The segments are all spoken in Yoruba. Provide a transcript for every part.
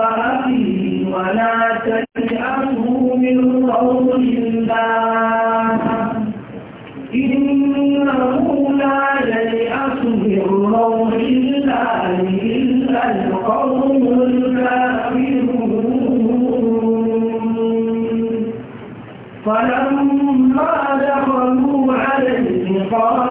أبي ولا تجعله من قول الله إنه لا ييأس من روح الله إلا القوم الكافرون فلما دخلوا عليه قال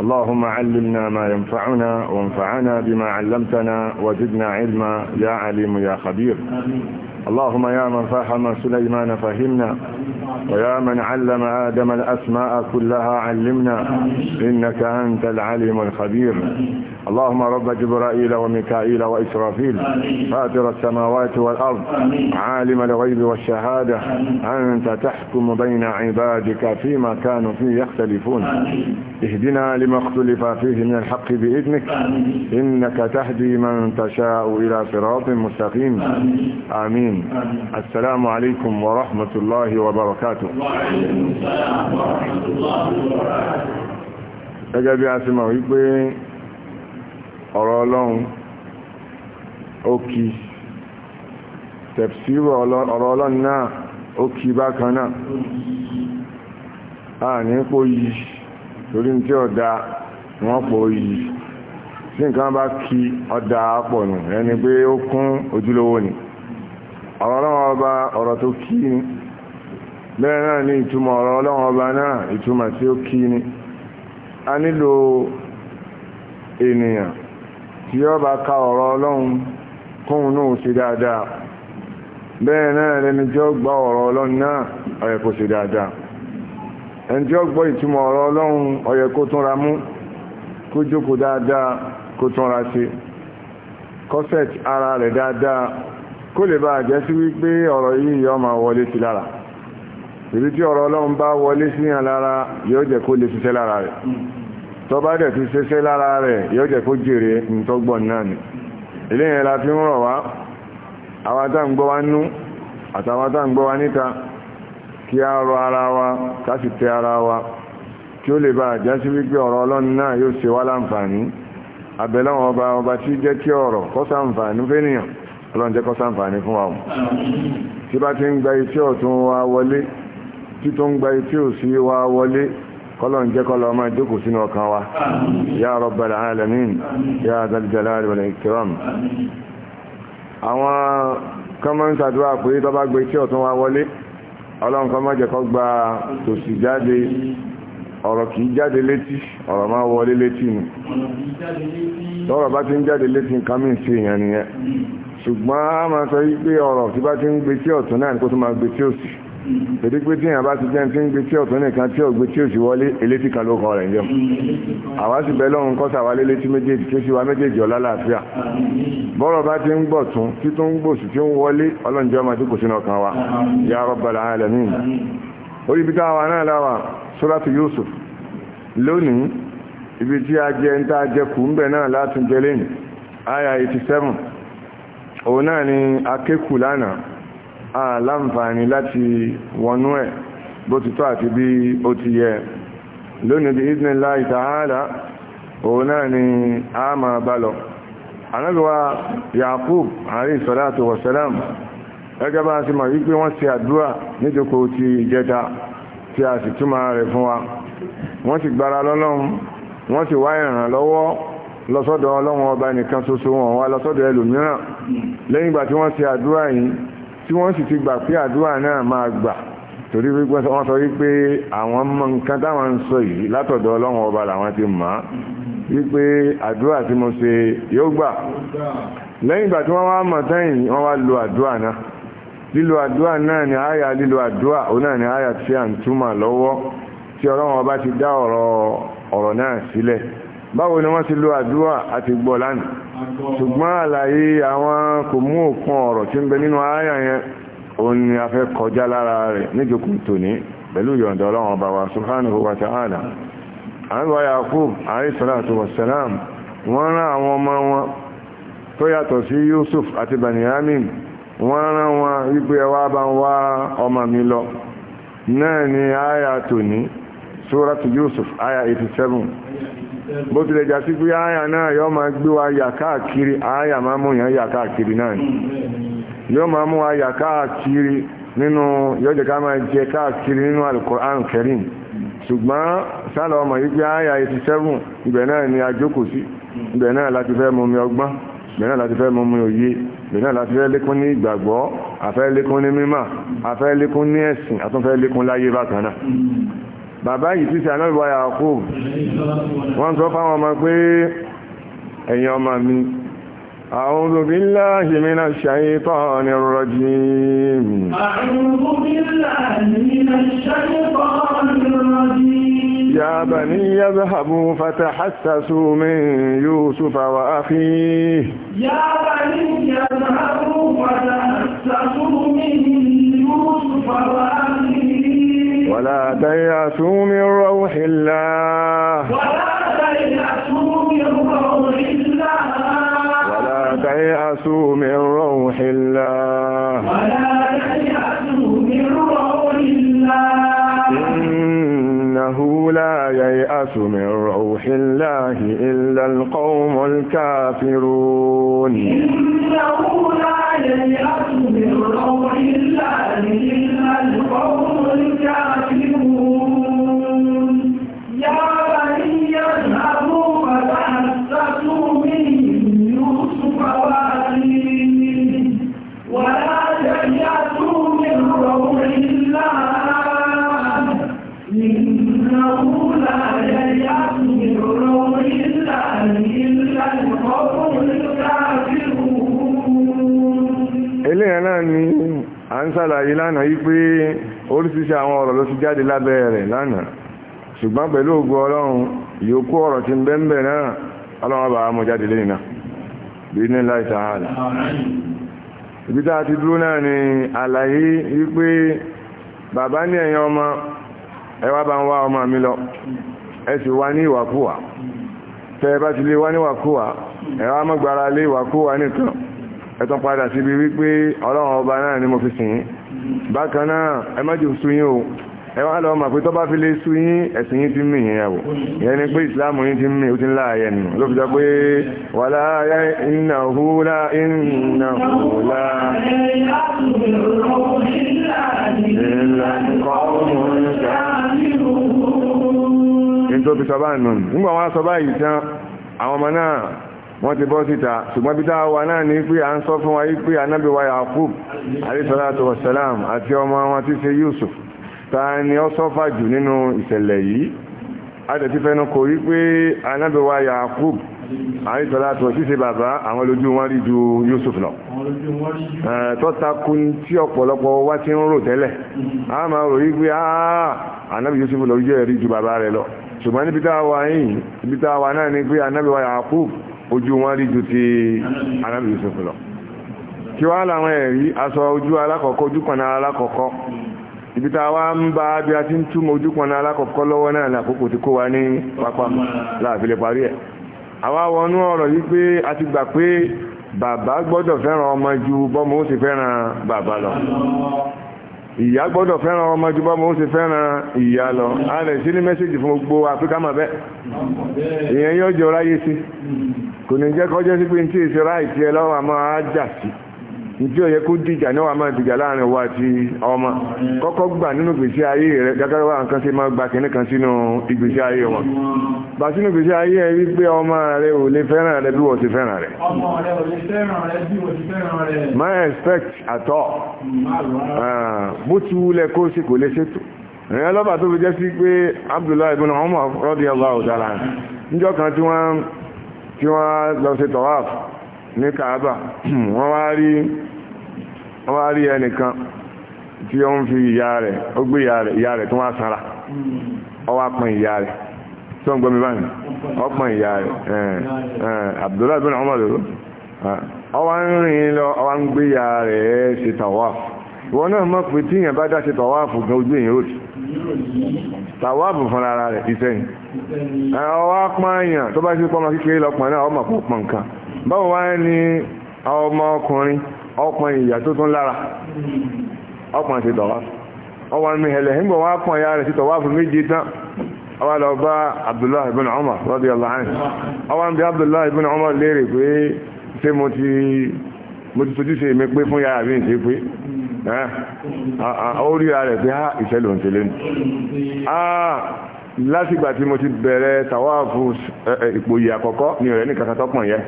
اللهم علمنا ما ينفعنا وانفعنا بما علمتنا وزدنا علما يا عليم يا خبير اللهم يا من فهم سليمان فهمنا ويا من علم آدم الأسماء كلها علمنا إنك أنت العليم الخبير اللهم رب جبرائيل وميكائيل وإسرافيل فاتر السماوات والأرض عالم الغيب والشهادة أنت تحكم بين عبادك فيما كانوا فيه يختلفون اهدنا لما اختلف فيه من الحق بإذنك إنك تهدي من تشاء إلى صراط مستقيم آمين السلام عليكم ورحمة الله وبركاته وعليكم السلام ورحمة الله وبركاته ọ̀rọ̀ ọlọ́run ó kí tẹ̀fsíwọ̀ ọ̀rọ̀ ọlọ́run náà ó kí bákan náà a ní pò yìí torí tí ọ̀dá wọ́n pò yìí tí nǹkan bá kí ọ̀dá pọ̀ nù ẹni pé ó kún ojúlówó ni ọ̀rọ̀ ọlọ́run ọba ọ̀rọ̀ tó kí ni bẹ́ẹ̀ náà ní ìtumọ̀ ọ̀rọ̀ ọlọ́run ọba náà ìtumọ̀ tí ó kí ni a nílò ènìyàn tí ó bá ka ọ̀rọ̀ ọlọ́run kóhun náà ṣe dáadáa bẹ́ẹ̀ náà lẹni tí ó gbọ́ ọ̀rọ̀ ọlọ́run náà ọ̀yẹ̀ kó ṣe dáadáa ẹni tí ó gbọ́ ìtumọ̀ ọ̀rọ̀ ọlọ́run ọ̀yẹ̀ kó túnra mú kó jókòó dáadáa kó túnra ṣe kọ́sẹ̀t ara rẹ̀ dáadáa kó lè bá jẹ́ sí wípé ọ̀rọ̀ yìí yọ máa wọlé sí lára ibi ọ̀rọ̀ ọlọ́run bá wọlé sí yàn lára yóò jẹ́ kó lè ṣiṣẹ́ lára rẹ̀ tó bá dẹ̀ ti ṣeṣẹ́ lára rẹ̀ yóò jẹ́ kó jèrè ìtọ́gbọ̀n náà ni ilé yẹn la fi ń rọ̀ wá àwátá ń gbọ́ wá nú àtàwátá ń gbọ́ wá níta kí a rọ ara wa ká sì tẹ ara wa kí ó lè bá àjá wípé ọ̀rọ̀ ọlọ́run náà yóò ṣe wá láǹfààní abẹ́lẹ́wọ̀n ọba ọba tí jẹ́ kí ọ̀rọ̀ kọlọ́n jẹ́ kọlọ́ máa jókòó sínú ọkàn wa ya rabbal alamin ya zal jalali wal ikram àwọn kọmọ́n sàdúrà pé tọ́bá gbé tí ọ̀tún wa wọlé ọlọ́run kọmọ́ jẹ́ kọ́ gba tòsì jáde ọ̀rọ̀ kìí jáde létí ọ̀rọ̀ máa wọlé létí nù tọ́rọ̀ bá ti ń jáde létí nǹkan mí sí èèyàn nìyẹn ṣùgbọ́n a máa sọ wípé ọ̀rọ̀ tí bá ti ń gbé tí ọ̀tún náà ní kó tó máa gbé tí òsì torí pé tí ìyàbá ti jẹ́ tí ń gbé tí ọ̀tún nìkan tí ògbé tí òsì wọlé elétí kan ló kọ rẹ̀ jẹun àwa sì bẹ́ lọ́run kọ́sà wa lélétí méjèèjì tí ó sì wá méjèèjì ọ̀la láàfíà bọ́rọ̀ bá ti ń gbọ̀ tún tí tó ń gbòsì tí ó ń wọlé ọlọ́njọ́ máa dúkò sínú ọkàn wa ya rabbal alamin orí ibi táwa náà láwà suratu Yusuf lónìí ibi tí a jẹ ń jẹ kù ń bẹ̀ náà látúnjẹ lẹ́yìn aya 87 òun náà ni akékù lánàá àláǹfààní láti wọnú ẹ̀ bó ti tọ́ àti bí ó ti yẹ lónìí bí iznillahi ta'ala òun náà ni a máa bá lọ anábíwá Yakub alayhi salatu wasalam gẹ́gẹ́ bá ti mọ̀ wípé wọ́n ti àdúrà níjókòó ti ìjẹta tí a sì túmọ̀ rẹ̀ fún wa wọ́n ti gbára lọ́lọ́run wọ́n ti wá ìrànlọ́wọ́ lọ́sọ́dọ̀ ọlọ́run ọba nìkan ṣoṣo wọn wá lọ́sọ́dọ̀ ẹlòmíràn lẹ́yìn ìgbà tí wọ́n ti àdúrà yìí tí wọ́n sì ti gbà pé àdúrà náà máa gbà torí wípé wọ́n sọ wípé àwọn mọ nǹkan táwọn ń sọ yìí látọ̀dọ̀ ọlọ́run ọba làwọn ti mọ̀ á wípé àdúrà tí mo ṣe yóò gbà lẹ́yìn ìgbà tí wọ́n wá mọ̀ tẹ́yìn wọ́n wá lo àdúrà náà lílo àdúrà náà ni àyà lílo àdúrà òun náà ni àyà tí à ń túmọ̀ lọ́wọ́ tí ọlọ́run ọba ti dá ọ̀rọ̀ náà sílẹ̀ báwo ni wọ́n ti lo àdúrà àti gbọ́ lánàá ṣùgbọ́n àlàyé àwọn kò mú òkun ọ̀rọ̀ tí ń bẹ nínú ààyà yẹn òun ni a fẹ́ kọjá lára rẹ̀ níjòkó tòní pẹ̀lú yọ̀ǹda ọlọ́run ọba wa subhanahu wa ta'ala àwọn Yakub alayhi salatu wa salam wọ́n rán àwọn ọmọ wọn tó yàtọ̀ sí Yusuf àti Banyamin wọ́n rán wọn wípé ẹwà bá ń wá ọmọ mi lọ náà ni ààyà tòní sóràtù Yusuf aya 87 bó tilẹ̀ jà sí pé aya náà yọ́ máa gbé wa yà káàkiri aya máa mú yàn yà káàkiri náà yọ́ máa mú wa yà káàkiri nínú yọ́jẹ̀ ká máa jẹ káàkiri nínú Al-Qur'an Karim ṣùgbọ́n sálọ ọmọ yìí pé aya 87 ibẹ̀ náà ni a jókòó sí ibẹ̀ náà láti fẹ́ mú mi ọgbọ́n ibẹ̀ náà láti fẹ́ mú mi òye ibẹ̀ náà láti fẹ́ lékún ní ìgbàgbọ́ afẹ́ lékún ní mímọ̀ afẹ́ lékún ní ẹ̀sìn àtúnfẹ́ lékún láyé bákan náà bàbá yìí tí sí anábìwá Yakub wọ́n sọ fáwọn ọmọ pé ẹ̀yin ọmọ mi أعوذ بالله من الشيطان الرجيم أعوذ بالله من الشيطان الرجيم يا بني يذهبوا فتحسسوا من يوسف وأخيه يا بني يذهبوا فتحسسوا من يوسف وأخيه ولا تيأسوا من روح الله ولا تيأسوا من روح الله ولا لا ييأس من روح الله إلا القوم الكافرون إنه لا ييأس من روح الله إلا القوم الكافرون يا بني اذهبوا فتحسسوا من يوسف وأخيه ولا تيأسوا من روح الله إنه لا ييأس من روح الله إلا القوم الكافرون. eléyàn náà ni à ń ṣàlàyé lánàá yí pé oríṣiríṣi àwọn ọ̀rọ̀ ló ti jáde lábẹ́ rẹ̀ lánàá ṣùgbọ́n pẹ̀lú ògo ọlọ́run ìyókù ọ̀rọ̀ ti ń bẹ́ńbẹ̀ náà ọlọ́run bá mú jáde lẹ́yìn náà bí ní láì ibi tá a ti dúró náà ni àlàyé wípé bàbá ní ẹ̀yàn ọmọ ẹ wá bá ń wá ọmọ mi lọ ẹ sì wá ní ìwàkúwà tẹ ẹ bá ti lè wá ní ìwàkúwà ẹ wá mọ́gbára lé ìwàkúwà nìkan ọba náà ni fi sìn bákan náà ẹ má jò sú yín o ẹ wá lọ mà pé tó bá fi lè sú yín ẹ̀sìn yín ti ń mì yín yàwó ìyẹn ni pé ìsìláàmù yín ti ń mì ó ti ń láàyè nù ló fi jọ pé wà láàyè iná húlá iná húlá ní tó fi sọ báyìí nù nígbà wọn sọ báyìí tán àwọn ọmọ náà wọ́n ti bọ́ síta ṣùgbọ́n bí táà wà náà ní pé à ń sọ fún wa yí pé anábì wa Yakub wasalam àti ọmọ wọn ti ṣe Yusuf ta ni ó sọ́fà jù nínú ìṣẹ̀lẹ̀ yìí adẹ̀tí fẹ́nu kò rí pé anábì wa Yakub alayhisalatu wa ṣíṣe bàbá àwọn olójú wọn rí ju Yusuf lọ tọ́takú tí ọ̀pọ̀lọpọ̀ wá ti ń rò tẹ́lẹ̀ a máa rò yí pé anábì Yusuf lọ rí ju bàbá rẹ̀ lọ ṣùgbọ́n níbi táà wà náà ni pé anábì wa ojú wọn rí ju ti Yusuf lọ kí wá láwọn ẹ̀rí aṣọ ojú alákọ̀ọ́kọ́ ojú náà alákọ̀ọ́kọ́ ibi wa a ń bá bí a ti ń túmọ̀ ojú kan náà alákọ̀ọ́kọ́ lọ́wọ́ náà ní àkókò kó wa ní pápá parí ẹ̀ àwa wọnú ọ̀rọ̀ pé a ti gbà lọ ìyá gbọ́dọ̀ fẹ́ràn ọmọ bọ́mọ ó lọ a ní fún gbogbo àfíkà mọ̀ bẹ́ẹ̀ ìyẹn yóò kò ní jẹ́ kọjá sí pé tí èsì ráìtì ẹ lọ́wọ́ àmọ́ ájà sí tí ó yẹ kó dìjà níwọ̀n àmọ́ ìdìjà láàrin wa àti ọmọ kọ́kọ́ gbà nínú ìgbésí ayé rẹ̀ gágáwá nǹkan ṣe máa gba kìnnì kan sínú ìgbésí ayé wọn bá sínú ìgbésí ayé ẹ wípé ọmọ rẹ ò lè fẹ́ràn rẹ bí wọ́n ti fẹ́ràn rẹ. ọmọ rẹ ò lè fẹ́ràn rẹ bí wọ́n ti fẹ́ràn rẹ. my expect àtọ ah, bó ìrìn ọlọ́ba tó fi jẹ́ sí pé Abdullahi ibn Umar radiyallahu ta'ala níjọ́ kan tí wọ́n tí wọ́n lọ sí tọ́wáf ní kàábà wọ́n wá rí ẹnìkan tí ó ń fi ìyá rẹ̀ ó gbé ìyá rẹ̀ tó wá sára ó wá pọn ìyá rẹ̀ tó ń gbọmí báyìí ó pọn ìyá rẹ̀ Abdullahi bin Umar lòrò ó wá ń rìn lọ ó wá ń gbé ìyá rẹ̀ ṣe tọ́wáf ìwọ náà mọ̀ pé tíyàn bá dá ṣe tọ́wáf gan ojú èyàn ó ti tàwáàbù fúnra ara rẹ̀ iṣẹ́ yìí ọwọ́ apáyàn tó bá ṣe pọ́nmọ kékeré lọ́pọ̀ náà ọmọ pọ̀ pọ̀ nǹkan ní ọmọ ọkùnrin ọpọ̀ ìyà tó tún lára ọpọ̀ ti tọ̀wá ọwọ́ mi hẹlẹ̀ nígbà ya rẹ̀ ti tọ̀wá fún méjì tán ọwọ́ lọ bá Abdullahi ọwọ́ bí Abdullahi léèrè pé ṣé mo ti Eh? Ah, ah, ó ríra rẹ̀ pé ìṣẹ́ ah, ló ń tẹ́lẹ̀ nù látìgbà tí mo ti bẹ̀rẹ̀ tàwáàfù eh, eh, ìpòyè àkọ́kọ́ ní ọ̀rẹ́ nìkan tọ́pọ̀ yẹ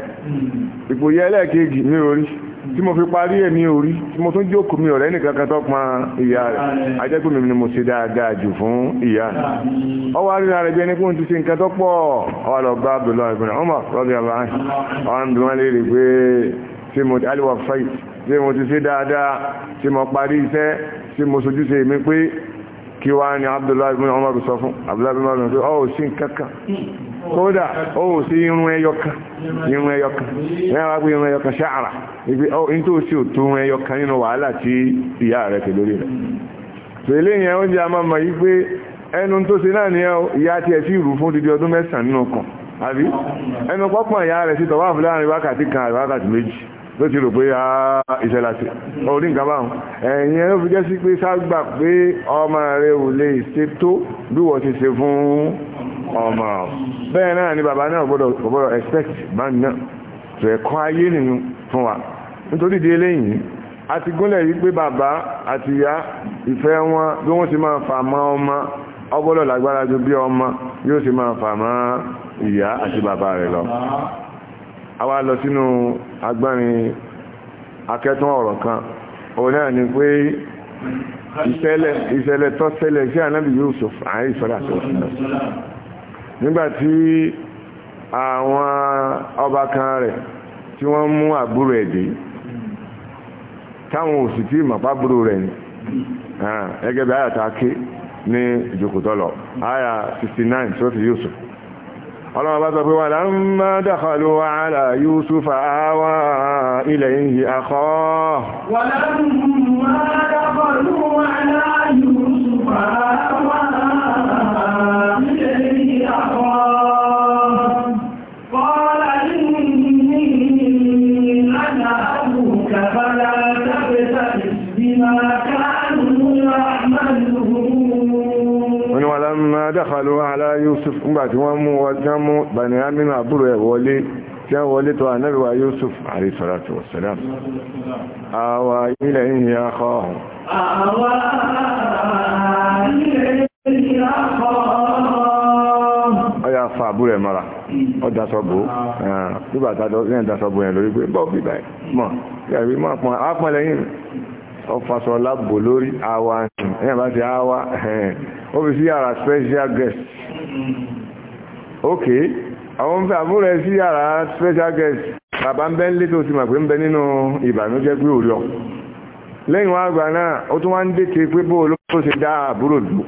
ìpòyè ẹlẹ́ẹ̀kejì ní orí tí mo fi parí ẹ̀ ní orí tí mo tún jókòó mi ọ̀rẹ́ nìkan kan tó pọn ìyá rẹ̀ ajẹ́pẹ́ mi ni mo ṣe dáadáa jù fún ìyá rẹ̀ ọwọ́ àríra rẹ̀ bí ẹni kún ti ṣe nǹkan tó pọ̀ ọwọ́ lọ bá Abdullahi ibn Umar radiyallahu anhu ọ̀hún bí wọ́n lè rí pé tí mo ti ṣe dáadáa tí mo parí iṣẹ́ tí mo sojúṣe mi pé kí wá ní Abdullahi bin Umar sọ fún Abdullahi bin Umar sọ ọ́ sí kankan kódà ó sí irun ẹyọkan irun ẹyọkan ní àwọn agbé irun ẹyọkan ṣáàrà ibi ọ́n tó sí òtún irun ẹyọkan nínú wàhálà tí ìyá rẹ̀ tẹ̀ rẹ̀ ni ìyá tí ẹ sí ló ti rò pé a ah, iṣẹ́ láti orí nǹkan báwọn ẹ̀yìn ẹ̀rọ fi jẹ́ sí pé ságbà pé ọmọ rẹ̀ ò lè ṣe tó bí wọ́n ti ṣe fún ọmọ bẹ́ẹ̀ náà ni bàbá náà gbọ́dọ̀ gbọ́dọ̀ expect man náà tó ẹ̀kọ́ ayé nínú fún wa nítorí di eléyìí a ti gúnlẹ̀ yìí pé bàbá àti ìyá ìfẹ́ wọn bí wọ́n ti máa fà mọ́ ọmọ ọgbọ́dọ̀ lágbára ju bí ọmọ yóò ti máa fà mọ́ ìyá àti bàbá rẹ̀ lọ àwa lọ sínú agbárin akẹ́tún ọ̀rọ̀ kan òun náà ni pé ìṣẹ̀lẹ̀ ìṣẹ̀lẹ̀ tó ṣẹlẹ̀ sí ànábì Yusuf àárín ìṣọ́lá tó nígbàtí àwọn ọba kan rẹ̀ tí wọ́n mú àbúrò ẹ̀dẹ́ táwọn òsì tí màpábúrò rẹ̀ ni ẹgẹ́ bí àyàtà ké ní ìjòkòtọ́lọ̀ àyà 69 sọ́tí Yusuf ọlọ́wọ́ bá sọ pé wà lámá dákàlù àlà Yúsùfà àwà ilẹ̀ ìhì àkọ́ wà lámá dákàlù àlà Yúsùfà àwà lamma dakhalu ala yusuf ńgbà tí wọ́n mú wọ́n mú bani aminu àbúrò ẹ̀ wọlé tí wọ́n wọlé tó ànábì wa yusuf alayhi salatu wassalam àwà ilẹ̀ ìhìn akọ́ ọ̀hún àwà ilẹ̀ ọfàṣọ lábò lórí àwa ẹ̀yìn bá ti àwa ó fi sí yàrá special guest ok àwọn fẹ́ àbúrẹ̀ sí yàrá special guest bàbá ń bẹ́ ń lé tó ti mà pé ń bẹ nínú ìbànújẹ́ pé òrí ọ lẹ́yìn wá àgbà náà ó tún wá ń dètè pé bó ló ṣe dá àbúrò dùn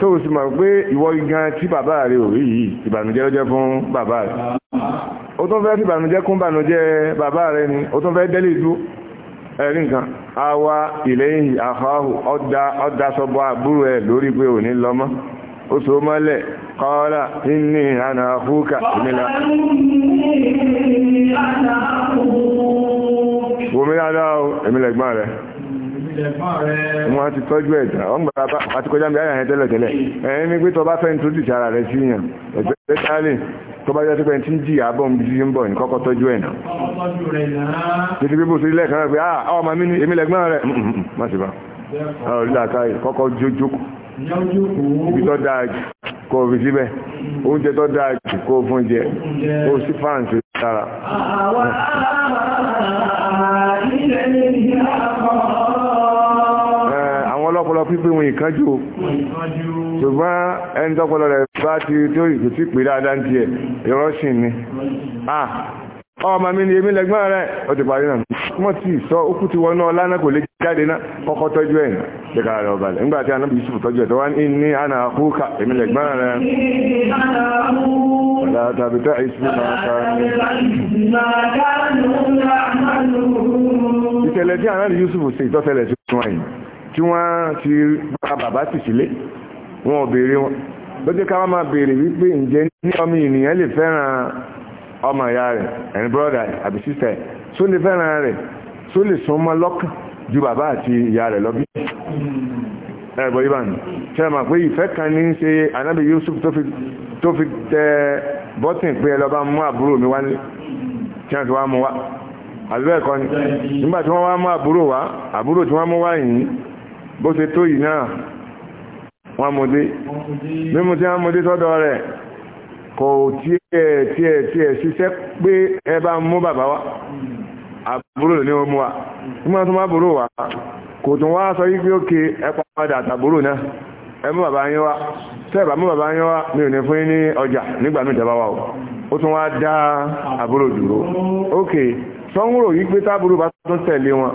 tó o sì mọ̀ pé ìwọ gan tí bàbá rẹ ò rí yìí ìbànújẹ́ ló fún bàbá rẹ ó tún fẹ́ tí ìbànújẹ́ kún ìbànújẹ́ bàbá rẹ ni ó tún fẹ́ délé dúró ẹ̀rí nǹkan a wá ìlẹ́yìn àkọ́hù ọdásọ́bọ́ ẹ̀ lórí pé ò ní lọ́mọ́ ó so mọ́lẹ̀ kọ́ọ́lá inú àna àfúkà ìmìlá wòmí dáadáa ìmìlẹ̀ ẹ̀gbọ́n rẹ̀ wọ́n ti tọ́jú ẹ̀dà wọ́n gbà àti kọjá mi ayà yẹn tẹ́lẹ̀ tẹ́lẹ̀ ẹ̀yìn mi pé tọba fẹ́ ń tó dìtì ara rẹ̀ sí yàn ẹ̀gbẹ́ tó bá jẹ́ tó pẹ́ tí ń jì àbọ̀ jí ń bọ̀ ní kọ́kọ́ tọ́jú ẹ̀ náà títí sí ilé ẹ̀kan rẹ̀ pé àwọn ah, ọmọ mi ní èmi rẹ̀ mm, mm, mm, má àwọn ọlọ́pọlọ pípé wọn ìkánjú ṣùgbọ́n ẹni tọ́pọ̀lọ rẹ̀ bá ti tó ìkò tí pè dáadáa ti ẹ̀ ìrọ́ṣìn ni ọmọ mi ni èmi lẹ́gbọ́n rẹ̀ ó ti parí náà wọ́n ti sọ okú ti wọnú ọlá náà kò lè jáde náà kọ́kọ́ tọ́jú ẹ̀ jẹ́ka rẹ̀ ọ̀bàlẹ̀ nígbà tí anábì Yusuf tọ́jú ẹ̀ tó wá ní àná àkúkà èmi lẹ́gbọ́n rẹ̀ ìṣẹ̀lẹ̀ tí anábì Yusuf ṣe ìtọ́sẹ̀lẹ̀ tí wọ́n wọn ò béèrè wọn lójú ká máa béèrè wípé ǹjẹ́ ní ọmọ ènìyàn lè fẹ́ràn ọmọ ìyá rẹ̀ ẹ̀rín bọ́ọ̀dà àbí sísẹ̀ tó lè fẹ́ràn rẹ̀ tó lè súnmọ́ lọ́kàn ju bàbá àti ìyá rẹ̀ lọ bí ẹ̀bọ̀ ibàn ṣe ma pé ìfẹ́ kan ní ṣe anábì Yusuf tó fi tẹ bọ́tìn pé ẹlọ́bá mú àbúrò mi wá ní tí wọ́n ti wá mú wá àbúrò ẹ̀kọ́ ni nígbà tí wọ́n wá mú àbúrò wá àbúrò tí wọ́n mú wá yìí bó ṣe tó yìí náà wọ́n mú mímú tí wọ́n sọ́dọ̀ rẹ̀ kò tiẹ̀ tiẹ̀ tiẹ̀ ṣiṣẹ́ pé ẹ wa àbúrò ní ó mú wa nígbà tó má wa kò tún wá sọ yí pé ó ke ẹ padà àtàbúrò náà ẹ mú bàbá yín wá tẹ́ẹ̀bà mú bàbá mi ò ní fún yín ní ọjà nígbà mí ìjọba wa o ó tún wá dá àbúrò dúró yí pé tábúrò bá tún tẹ̀lé wọn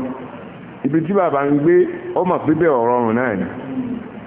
ibi tí bàbá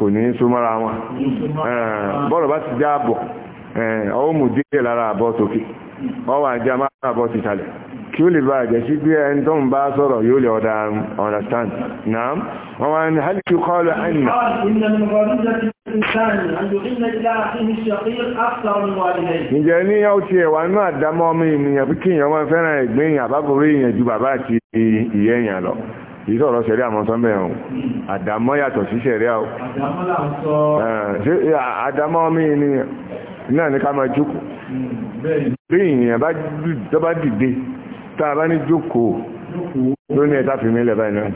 kò ní súnmọ́ra wọn eh, bọ́ọ̀rọ̀ bá ti já ọwọ́ eh, mú díẹ̀ lára àbọ̀ sókè ọwọ́ àjá máa àbọ̀ ti kí ó lè bá àjẹ́ sí ẹni tó ń bá sọ̀rọ̀ yóò lè ọ̀dà understand náà wọ́n wá ní hálìkì ìjẹ́ ní fẹ́ràn kìí sọ̀rọ̀ sẹ̀rí àmọ́ sọ́mẹ́ ọ̀hún àdámọ́ yàtọ̀ sí sẹ̀rí àwọ̀ eh, eh, àdámọ́ mi ni náà ní ká máa jókòó bí ìyìn tó bá dìde tá a bá ní jókòó lóní ẹ̀ta fi mílẹ̀ báyìí náà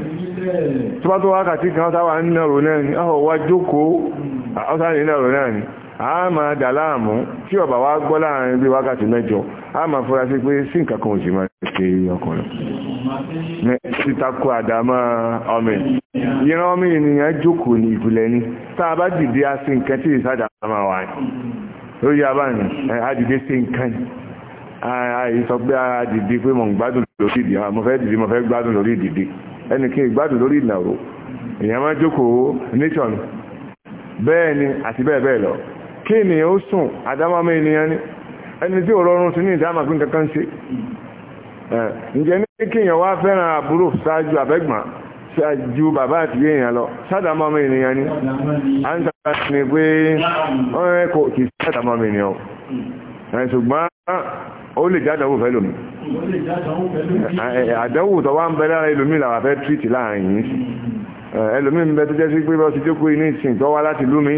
tó bá tó wákàtí kan táwà ń nàrò náà ni ọ̀họ̀ wá náà ni a wá hmm. gbọ́ sítako àdámọ́ ọmọ ìran ọmọ ènìyàn jókòó ní ìpìlẹ̀ ni tá a bá dìde a sí nǹkan tí ìsádàmọ́ wà ní lórí abáyìn adìde sí nǹkan àìsọ pé adìde pé mo ń gbádùn lórí ìdí mo fẹ́ dìde mo fẹ́ gbádùn lórí ìdìde ẹnì kí n gbádùn lórí ìnàró èèyàn máa jókòó nation bẹ́ẹ̀ ni àti bẹ́ẹ̀ bẹ́ẹ̀ lọ kí ènìyàn ó sùn àdámọ́ ọmọ ènìyàn ni ẹni tí ò rọrùn sí ní ìdámàgbín kankan ṣe ǹjẹ́ ní kéèyàn wá fẹ́ràn àbúrò ṣáájú àbẹ́gbọ̀n ṣáájú bàbá àti èèyàn lọ sádàmọ́mọ́ ènìyàn ni a ń tàbí ní pé ọ̀rẹ́ kò kì í sádàmọ́mọ́ ènìyàn ṣùgbọ́n ó lè jádàwó fẹ́ lómi àdánwò tó wá ń bẹ lára ẹlòmí làwà fẹ́ tírìtì láàrin yìí ẹlòmí ń bẹ tó jẹ́ sí pé bọ́ sí jókòó inú ìsìn tó wá láti lómi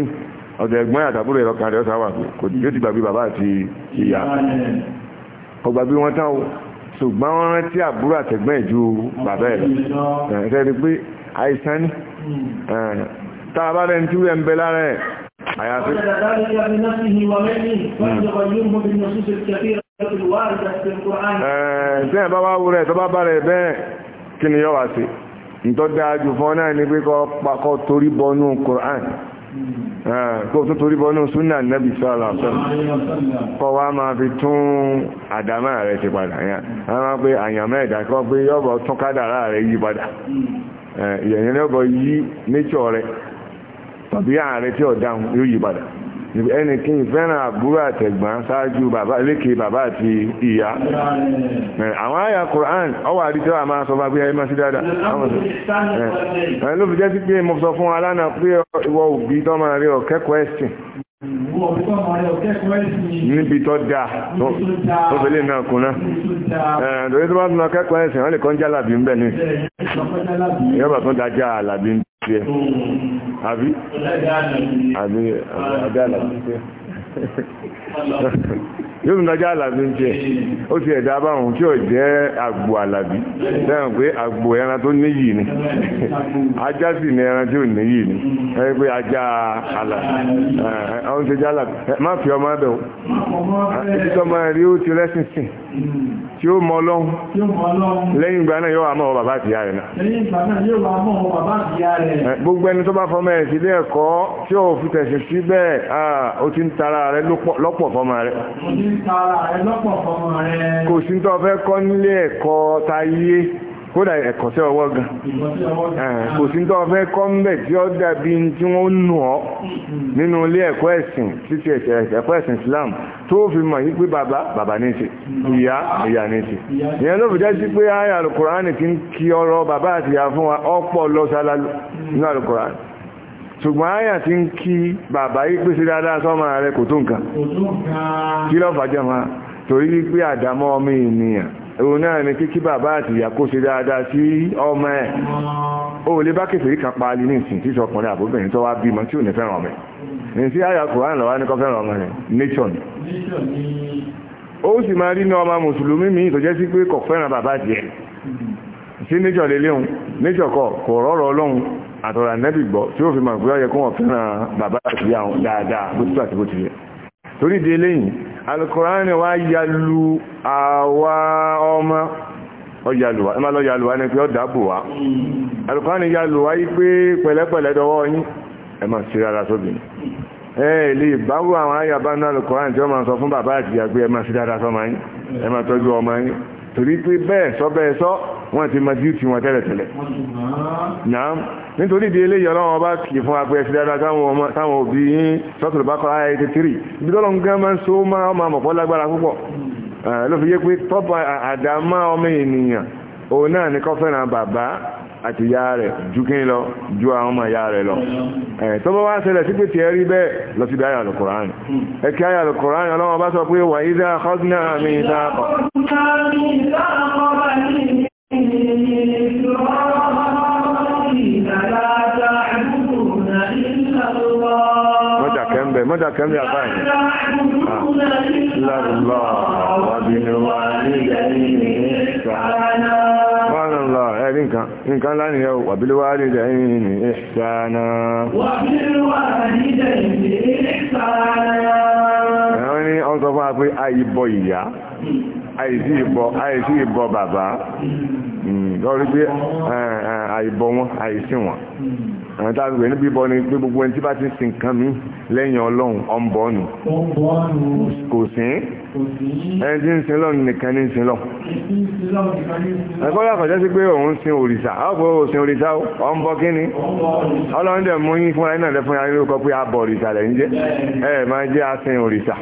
ọ̀dọ̀ ẹ̀gbọ́n àtàbúrò ẹ̀rọ kan rẹ̀ ọ̀sán wà pé kò tí ó ti gbàgbé bàbá àti ìyá ọgbàgbé wọn táwọn ṣùgbọ́n wọ́n rántí àbúrò àtẹ̀gbọ́n ìjú bàbá ẹ̀ mm. ẹ̀ẹ́dẹ́gbẹ́ pé àìsàn ní mm. tá a bá rẹ̀ ní tí wọ́n ń bẹ lára ẹ̀ àyàfi. ẹ̀ẹ́dẹ́ mm. bá wá wúrẹ̀ tó bá bá rẹ̀ bẹ́ẹ̀ kí ni yọ wá sí ntọ́ dáa náà ní pé kọ́ torí bọ́nú Qur'an Eh, kó tó torí bọ́nú súnà nẹ́bí sọ́lá kọ́ wá máa fi tún àdámà rẹ̀ ti padà yàn a máa pé àyàmẹ́ ẹ̀dà kọ́ pé yọ́bọ̀ tún kádàrá rẹ̀ yí padà eh, ìyẹ̀yẹ́ lọ́bọ̀ yí nature rẹ̀ tàbí ààrẹ tí ọ̀dáhùn yóò yí padà ẹnìkan ìfẹ́ràn àbúrò àtẹ̀gbọ́n ṣáájú lékè bàbá àti ìyá àwọn àyà Quran ọwọ́ àdìtẹ́ wà máa sọ bá pé ẹ máa sí dáadáa ló fi jẹ́ sí pé mo sọ fún alánà pé ìwọ òbí tọ́ máa rí níbi tó dáa tó fẹ́lẹ̀ náà kún náà torí tó bá tún akẹ́kọ̀ọ́ ẹ̀sìn wọ́n lè kọ́ ń já làbí ń bẹ̀ ní ìyọ́bà tún dájá àlàbí ń tí ẹ àbí àbí àbí àlàbí ń tí ẹ yóò fi lọ́jọ́ àlàbí ń jẹ́ ó ti ẹ̀dá báwọn tí ó jẹ́ àgbò àlàbí lẹ́yìn pé àgbò ẹran tó ni ajá sì ni ẹran tí ò ni pé ajá àlàbí ọ̀hún ti jẹ́ àlàbí má fi ọmọ bẹ̀ wọ́n ibi tó tí ó mọ ọlọ́run lẹ́yìn ìgbà náà yóò wà mọ́ bàbá àti ìyá rẹ̀ náà gbogbo ẹni tó bá fọmọ ẹ̀ sílé ẹ̀kọ́ tí ó fi tẹ̀sí sí bẹ́ẹ̀ ó ti ń tara rẹ̀ lọ́pọ̀ fọmọ rẹ̀ kò sí tó fẹ́ kódà ẹ̀kọ́sẹ́ ọwọ́ gan kò sí tó ọfẹ́ kọ́ńbẹ̀ tí ó dàbí tí wọ́n nù ọ́ nínú ilé ẹ̀kọ́ ẹ̀sìn títí ẹ̀kọ́ ẹ̀sìn fi mọ̀ yí bàbá bàbá ní ìyá ìyá ní ìyẹn ló fi pé ayé kí bàbá àti ìyá fún wa ọ̀pọ̀ lọ nínú ṣùgbọ́n ayé àti ń kí bàbá yí dáadáa sọ́mọ kò tó nǹkan kí máa torí wípé àdámọ́ òun náà ni kíkí bàbá àti ìyá kó ṣe dáadáa sí ọmọ ẹ̀ ó lè bá kèfèrí kan paálí ní ìsìn tí sọkùnrin àbóbìnrin tó wá bímọ tí ò ní fẹ́ràn ọmọ ẹ̀ ní sí àyà kòrán lọ́wọ́ ní kọ́ fẹ́ràn ọmọ rẹ̀ nation ó sì máa rí ní ọmọ mùsùlùmí mi tó jẹ́ sí pé kò fẹ́ràn bàbá àti ẹ̀ sí nature lélẹ́hùn nature kọ kò rọ́rọ̀ ọlọ́run àtọ̀rọ̀ ànẹ́bì gbọ́ tí ó fi mọ̀ pé yẹ kó wọ́n fẹ́ràn bàbá àti ìyá dáadáa bó ti tó àti bó ti yẹ torí délé yìí alukùránì wá yàlú àwa ọmọ ọyàlùwà ẹ má lọ yàlùwà ní pé ọ̀dàbò wá alukùránì yàlùwà yí pé pẹ̀lẹ́pẹ̀lẹ́ dọwọ́ yín ẹ má sí rárá sóbìnrin ẹ lè báwọ àwọn ayàbá náà alukùránì tí wọ́n máa sọ fún bàbá àti ìyá pé ẹ má sí rárá sọ́mọ yín ẹ má tọ́jú ọmọ yín torí pé bẹ́ẹ̀ sọ bẹ́ẹ̀ sọ wọ́n ti máa díùtì wọn tẹ́lẹ̀tẹ́lẹ̀ nítorí ìdí eléyìí ọlọ́run ọba kì í fún apẹ́ ẹ̀sìn dáadáa táwọn òbí yín sọ́tò bá kọ́ ayé títírì ibi tọ́lọ́run gan máa ń so máa ọmọ àmọ̀pọ̀ lágbára púpọ̀ ló fi yé pé tọ́pọ̀ àdámá ọmọ ènìyàn òun náà ní kó fẹ́ràn bàbá àti ìyá rẹ̀ ju kí lọ ju àwọn ọmọ ìyá rẹ̀ lọ tó wá ṣẹlẹ̀ sí pé tí ẹ rí bẹ́ẹ̀ lọ sí ayà lùkùránì Mọ́jà kẹ́m̀bẹ̀, mọ́jà kẹ́m̀bẹ̀ àbáyé. Lọ́rùlọ́ ọ̀bìnrin wa nílẹ̀ ní ìṣàánà. Mọ́rùlọ́ ẹ̀rí nǹkan, nǹkan láni ẹ̀ wàbílúwà nílẹ̀ ní ìṣàánà. Wàbílúwà nílẹ̀ ní ìṣàánà. Ẹ̀rọ ní ọ àìsí ìbọ bàbá Hmm, lọ́rí pé àìbọ̀ wọn àìsìn wọn hmm. àwọn tá a gbé níbi bọ́ ni pé gbogbo ẹni tí bá ti ń sin nǹkan mi lẹ́yìn ọlọ́run ọ̀nbọ̀ nù kò sín ẹni tí ń sin lọ́run nìkan ní sin lọ́run ẹ̀kọ́ yàtọ̀ sí pé òun sin òrìṣà ọ̀pọ̀ òsìn òrìṣà ọ̀nbọ̀ kí ni ọlọ́run dẹ̀ mú yín fúnra náà lẹ́fún yàrá lórúkọ pé abọ̀ òrìṣà lẹ̀ ń jẹ́ ẹ máa jẹ́ asin òrìṣà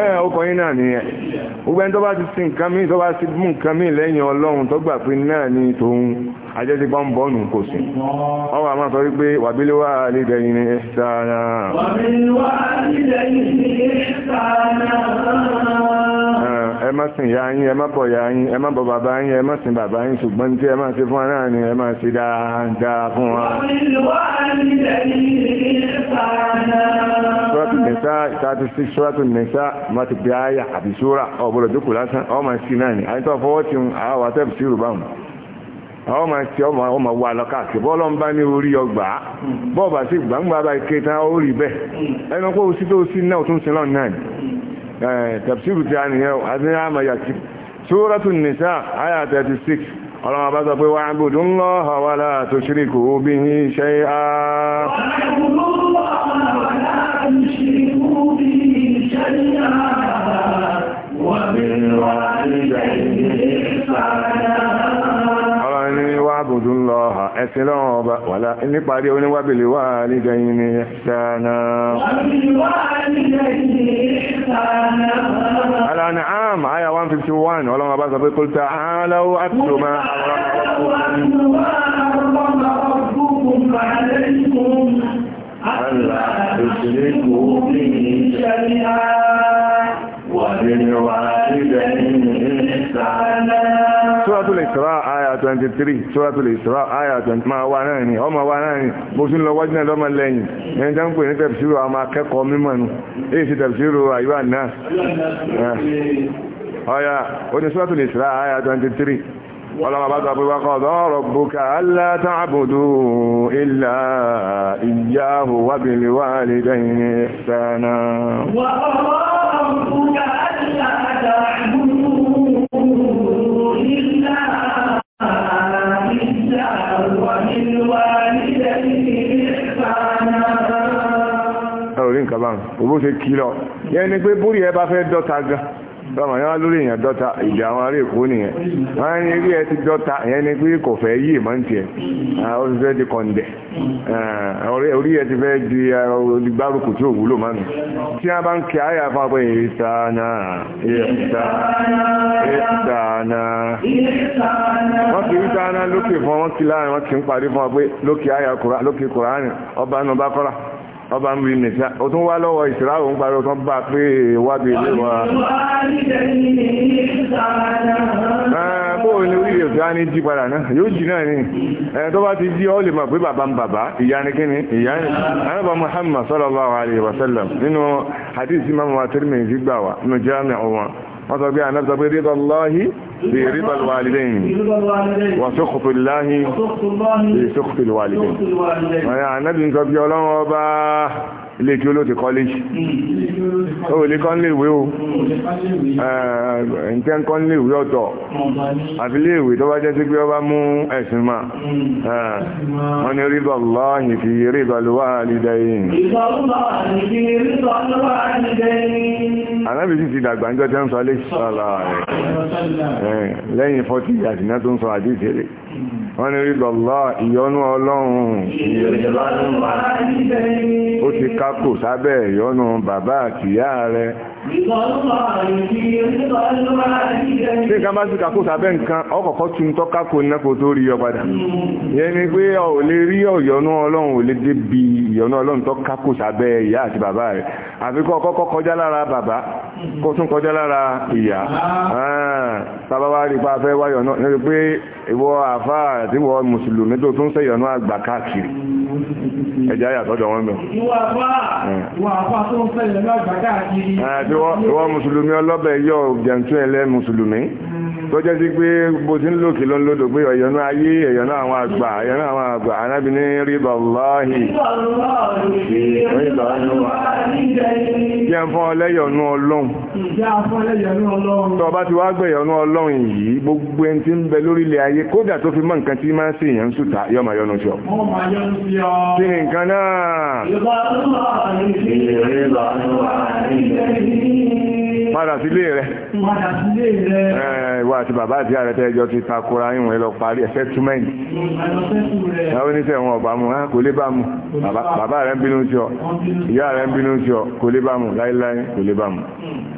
ẹ ọkọ̀ yín náà nìyẹn gbogbo ẹni tó bá ti sin nǹkan mi tó bá ti mú nǹkan mi lẹ́yìn ọlọ́run tó gbà pé náà náà ni tòun ajẹ́sí pọ́n bọ́ọ̀nù kò sí ọwọ́ a máa sọ wípé wàbílé wà nídẹ̀ ìrìn ìsára ẹ má sìn ya yín ẹ má bọ̀ ya yín ẹ bọ̀ bàbá yín ẹ má bàbá yín ṣùgbọ́n tí ẹ máa fún wa náà ni ẹ dáadáa fún wa Sọ́tù Nìsá, ìtàtí sí Sọ́tù Nìsá, má bí áyà àbìsúra, ọ̀bọ̀lọ̀ lásán, ọmọ sí náà ni, àyíkọ́ fọwọ́ ti ń àwọn àtẹ́bù sí Yorùbá àwọn máa ti ọmọ ọmọ wa lọ́kàtí bọ́ọ̀lọ́ ń bá ní orí ọgbà bọ́ọ̀bà sí gbàǹgbà bá ike tán ó rí bẹ́ẹ̀ ẹnu kó o sí tó sí náà tún sí náà náà ni tafsiru ti a nìyẹn àti ní àmà yàtí Suratun Nisa àyà 36 ọlọ́mọ bá sọ pé wa'budullaha wa la tushriku bihi shay'a وبالوالدين إحسانا واعبدوا الله اسلوب ولا اني قارئ ولا بالوالدين احسانا الانعام ايه 151 ولا ما به قل تعالوا اتل ما وعليكم ألا تشركوا به شريعا وبالوالدين Suratul Isra àyà 23, Suratul Isra àyà 20 máa wá náà ni, ọmọ wá náà ni, bó tún lọ wájú náà lọ́mọ lẹ́yìn, ẹni jẹ́ ń pè ní tẹ̀fṣírò àwọn akẹ́kọ̀ọ́ mímọ̀ nù, èyí sí tẹ̀fṣírò àyíwá náà. Ọ̀yà, ó ní Suratul Isra àyà 23 ọlọ́wọ́ bá sọ pé wá kọ́ ọ̀rọ̀ bùkà alátàbùdù ilà ìyáhù wábìlì wà lè dẹ̀yìn sẹ́nà ẹ̀rọ nǹkan bá ń bó ṣe kí lọ yẹn ni tọ́mọ̀ yẹn wá lórí èèyàn dọ́ta ìjà àwọn ará èkó nìyẹn wọ́n ní ẹ ti dọ́ta ìyẹn ni pé kò fẹ́ yí ìmọ̀ ní tiẹ̀ ó ti fẹ́ di kọ̀ǹdẹ̀ orí ẹ ti fẹ́ di olùgbárùkù tí ò wúlò má nù. tí wọ́n bá ń kí ayé wọ́n kì í sáná lókè fún wọn kí kì í fún wọn pé lókè ayé lókè ọba ń bí nìta ó tún wá lọ́wọ́ ìsìláwò ń parí ọ̀tán bá pé wábi ilé wa bóò ní orílẹ̀ òtún á ní jí padà náà yóò jí náà ní tó bá ti jí ọ́ lè mọ̀ pé bàbá ń bàbá ìyá ni kíni ìyá ni anábà Muhammad sallallahu alaihi wasallam nínú hadith imam wa tirmidhi gbà wá nínú jami'u wọn wọ́n sọ pé ànábì sọ pé rídọ̀ lọ́hí bí rídọ̀ wàlìdẹ́yìn wọ́n sókùtù láhí bí sókùtù wàlìdẹ́yìn ilé kí ó ló ti kọ́lẹ́jì hmm. ó lè kọ́ nílé ìwé o ǹkẹ́ hmm. eh, ń kọ́ nílé ìwé ọ̀tọ̀ àfi ilé ìwé tó bá jẹ́ sí pé ó bá mú ẹ̀sìn mà hmm. eh, wọ́n ní rídọ̀ lọ́hìn fi rídọ̀ lówà lídẹ́yìn anábìsí ti dàgbà ń jọ tẹ́ ń sọ eh, lẹ́yìn 40 years náà tó ń sọ àdíjẹ́ rẹ̀ wọ́n ní rí lọ́lá ìyọ́nú ọlọ́run ó ti kákò sábẹ́ ìyọ́nú bàbá àtìyá rẹ̀ tí nǹkan bá sì kákò sábẹ́ nǹkan ọkọ̀ọ̀kọ́ tún tọ́ kákò náà kò tó rí yọ padà yẹn ni pé ò lè rí ìyọ́nú ọlọ́run ò lè débi ìyọ́nú ọlọ́run tọ́ kákò sábẹ́ ìyá àti bàbá rẹ̀ àfikọ́ kọ́kọ́ kọjá lára bàbá kó tún kọjá lára ìyá sábà ah, rí pa afẹ́ wáyọ̀ náà pé ìwọ àfáà tí wọ́n mùsùlùmí tó tún sẹ́yọ̀nú àgbà káàkiri ẹjá yàtọ̀dọ̀ wọn bẹ̀. ìwọ mùsùlùmí ọlọ́bẹ̀ yọ jẹ̀ntún ẹlẹ́ mùsùlùmí tó jẹ́ sí pé bó ti ń lòkè ló ń lòdò pé ẹ̀yọ̀nú ayé ẹ̀yọ̀nú àwọn àgbà ẹ̀yọ̀nú àwọn àgbà anábìíní ríbà láàhì jẹ́ fún ọlẹ́yọ̀nú ọlọ́run tọ́ bá ti wá gbẹ̀yọ̀nú ọlọ́run yìí gbogbo ẹni tí ń bẹ lórílẹ̀ ayé kódà tó fi mọ́ nǹkan nǹkan tí máa ń ṣe èèyàn sùtà yọ́ máa yọ́nu sọ kí ni nǹkan náà padà sílé rẹ̀ ìwà àti bàbá àti ààrẹ tẹ́jọ́ ti takora ìwọ̀n lọ parí ẹ̀fẹ́túmẹ́ǹtì láwọn oníṣẹ́ ìwọ̀n ọ̀bá mu ah, kò lè bá mu bàbá rẹ̀ ń bínú sí ọ ìyá rẹ̀ ń bínú sí ọ kò lè bá mu láíláí kò lè bá mu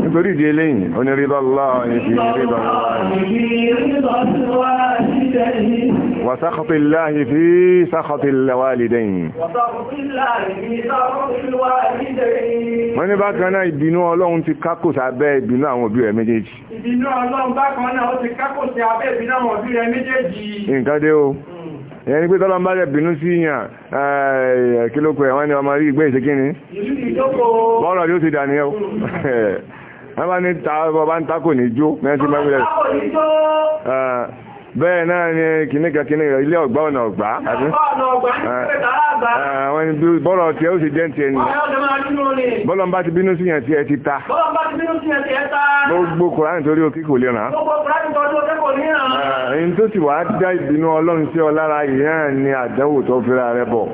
nítorí ìdí eléyìí onírídọ́lá ọ̀nìyàn ti rí bá mu. وسخط الله في سخط الوالدين wọ́n ní bákan náà ìbínú ọlọ́run ti kákò sábẹ́ ìbínú àwọn òbí rẹ̀ méjèèjì ìbínú ọlọ́run bákan náà ó ti kákò sí abẹ́ ìbínú àwọn òbí rẹ̀ méjèèjì nǹkan dé o hmm. ìyẹn ni pé tọ́lọ́ bá rẹ̀ bínú sí ìyàn kílókò ẹ̀wọ́n ni ọmọ rí ìgbé ìṣekíní bọ́ọ̀rọ̀ yóò ti dà ní ẹ́ hmm. wọ́n bá ní ta ọba ń takò ní jó mẹ́rin sí mẹ́rin bẹ́ẹ̀ náà ni kìnníkà kìnníkà ilé ọ̀gbá ọ̀nà ọ̀gbá àbí ah, ah, àwọn ibi bọ́lọ̀ tí ó sì jẹ́ ti ẹni bọ́lọ̀ bá ti bínú sí yàn tí ẹ ti ta gbogbo kòrán torí òkè kò lè ràn án ah, tó sì wá dá ìbínú ọlọ́run sí ọ lára ìyẹn ni àdánwò tó fira rẹ bọ̀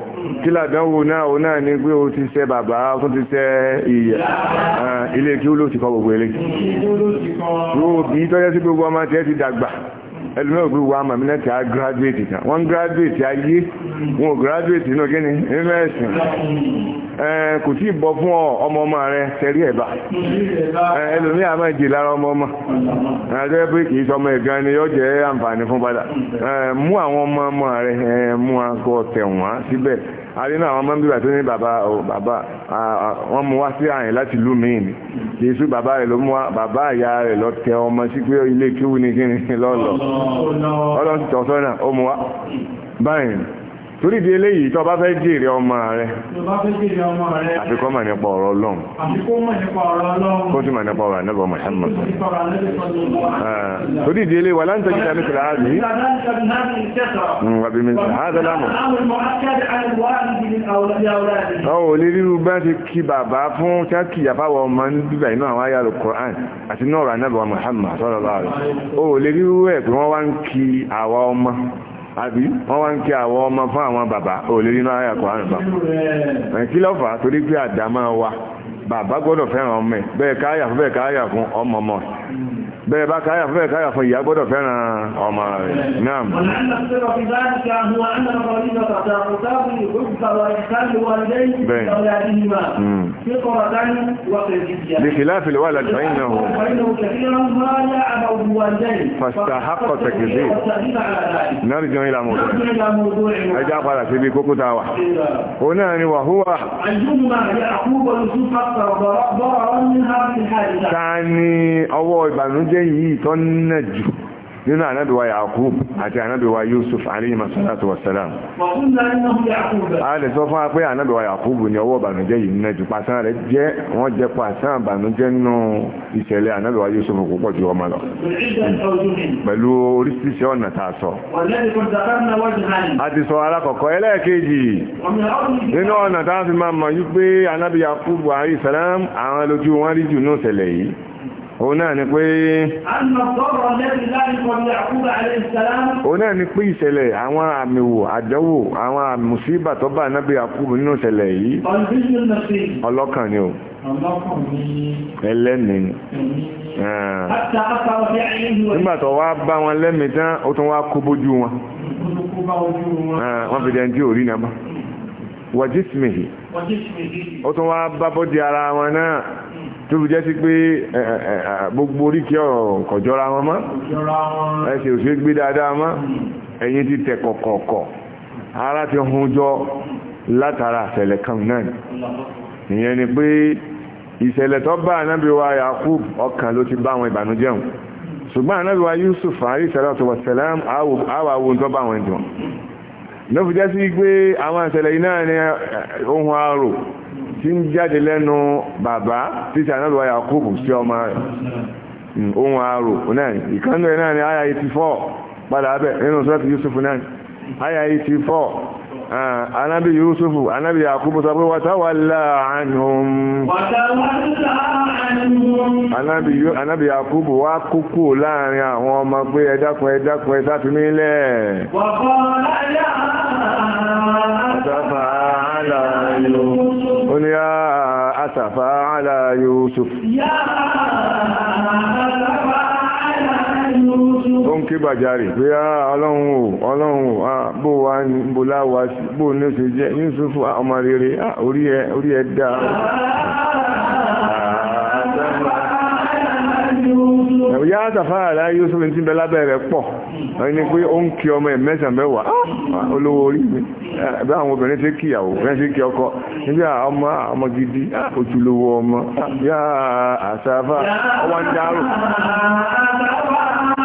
kí làdánwò náà ó náà ni pé ó ti ṣe bàbá ó tún ti ṣe ìyẹ ilé kí ó ló ti kọ gbogbo ilé. Yóò bí tọ́jọ́ sí gbogbo ọmọ tí ti dàgbà ẹlùmẹ́ òbí wa màmí lẹ́tà gíráduwétì tán wọ́n gíráduwétì ayé wọn ò gíráduwétì inú gíní nínú ẹ̀sìn kò tí bọ́ fún ọmọ ọmọ rẹ tẹ̀rí ẹ̀bà ẹlùmí àmọ́ ìjì lára ọmọ ọmọ àjọ pé kì í sọmọ ẹ̀gán ni yóò jẹ́ àǹfààní fún padà mú àwọn ọmọ ọmọ rẹ mú akọ tẹ̀wọ̀n síbẹ̀ àrínà àwọn ọmọ bíbà tó ní bàbá Baba, wọn mú wá sí àyìn láti lú mi ni kì í sú bàbá rẹ̀ ló mú wá bàbá ìyá rẹ̀ lọ tẹ ọmọ sí pé ilé kíwú ni kí ni lọ́lọ́ ọlọ́sì tọ́sọ́nà ó mú wá báyìí torí di eléyìí tó bá fẹ́ jèrè ọmọ rẹ àfi kó mọ̀ nípa ọ̀rọ̀ ọlọ́run kó sì mọ̀ nípa ọ̀rọ̀ ànábọ̀ Muhammad ah, torí di eléyìí wà láǹtọ́ jíta ní kìlá àbí wàbí mi sàádọ́ lámọ̀ ọ̀wọ̀ lè ríru bá ti kí bàbá fún tákì àbáwọ̀ ọmọ ní bíbà inú àwọn ayà Al-Qur'an àti náà ọ̀rọ̀ ànábọ̀ Muhammad sọ́rọ̀ bá àbí wọ́n wá ń kí àwọn ọmọ fún àwọn bàbá òlérí náà àyàkọ̀ àrùn bá kí ló fà á torí pé àdámá wa bàbá gbọ́dọ̀ fẹ́ràn ọmọ ẹ̀ bẹ́ẹ̀ káyà fún bẹ́ẹ̀ káyà fún ọmọ ọmọ ẹ̀ bẹ́ẹ̀ bá káyà fún ẹ̀káyà fún ìyá gbọ́dọ̀ fẹ́ràn ọmọ rẹ̀ náà bẹ́ẹ̀ hmm. wà láti fẹ́yìn náà fàṣàhàkọ̀ tẹ̀kìdì náà jọ ìlà mọ̀tò ẹjá padà sí ibi kókó ta wà ó náà ni wà húwà ta ni eléyìí tó nà jù nínú ànábíwá Yakub àti ànábíwá Yusuf alayhima salatu wassalam a lè sọ fún wa pé ànábíwá Yakub ní ọwọ́ ìbànújẹ́ yìí nà jù pàṣán rẹ̀ jẹ́ wọ́n jẹ́ pàṣán ìbànújẹ́ nínú ìṣẹ̀lẹ̀ ànábíwá Yusuf púpọ̀ ju ọmọ lọ pẹ̀lú oríṣiríṣi ọ̀nà tá a sọ a ti sọ alákọ̀ọ́kọ́ ẹlẹ́ẹ̀kejì nínú ọ̀nà tá a fi máa mọ̀ yí pé ànábíwá Yakub alayhi àwọn lójú wọn rí jù nínú òun náà ni pé òun náà ni pé ìṣẹ̀lẹ̀ àwọn àmìwò àjọwò àwọn àmùsíbà tó bá nábì Yakubu nínú ìṣẹ̀lẹ̀ yìí ọlọ́kàn ni o ẹlẹ́ni ni ah. nígbà tó wá bá wọn lẹ́mìí tán ó tún wá kó bójú wọn ah, wọ́n fi hmm. ó tún wá bá wọn tó fi jẹ́ sí pé gbogbo oríkì ọ̀rọ̀ kọjọ́ra wọn mọ́ ẹsẹ̀ òṣèré gbé dáadáa mọ́ ẹ̀yìn ti tẹ̀ kọ̀kọ̀kọ̀ ara ti hun jọ látara àṣẹlẹ̀ kan náà ìyẹn ni pé ìṣẹ̀lẹ̀ tó bá anábíwá Yakub ọkàn ló ti bá àwọn ìbànújẹ́ ṣùgbọ́n anábíwá Yusuf tí ń jáde lẹ́nu bàbá títí ànábìwá Yakubu sí ọmọ rẹ̀ ohun àrò náà ìkànnì náà ni àyà 84 padà abẹ́ nínú sọ́ọ̀tì Yusuf náà àyà 84 anábì ah, yusufu anábì yakubu sọ pé wàtàwàlá àánúhùn anábì yakubu wá kúkú láàrin àwọn ọmọ pé ẹdákun ẹdákun ẹsàfimílẹ̀ wọ́n yá àtàfà àlà yusuf yá àtàfà ó ń ké bàjárì pé ah, ọlọ́run ò ọlọ́run ò ah, bó wá ní bó láwá sí bó ní ó jẹ́ ah, ọmọ rere orí ẹ dá ìyá àtàfàà láyé Yúsúfù tí bẹ lábẹ́ pọ̀ wọ́n pé ó ń kí ọmọ ẹ̀mẹ́sàn mẹ́wàá olówó orí mi eh, àwọn obìnrin tí rẹ̀ sí kí ọkọ níbi ọmọ ọmọ gidi òtúlówó ọmọ yá àtàfàà ọwọ́ dárò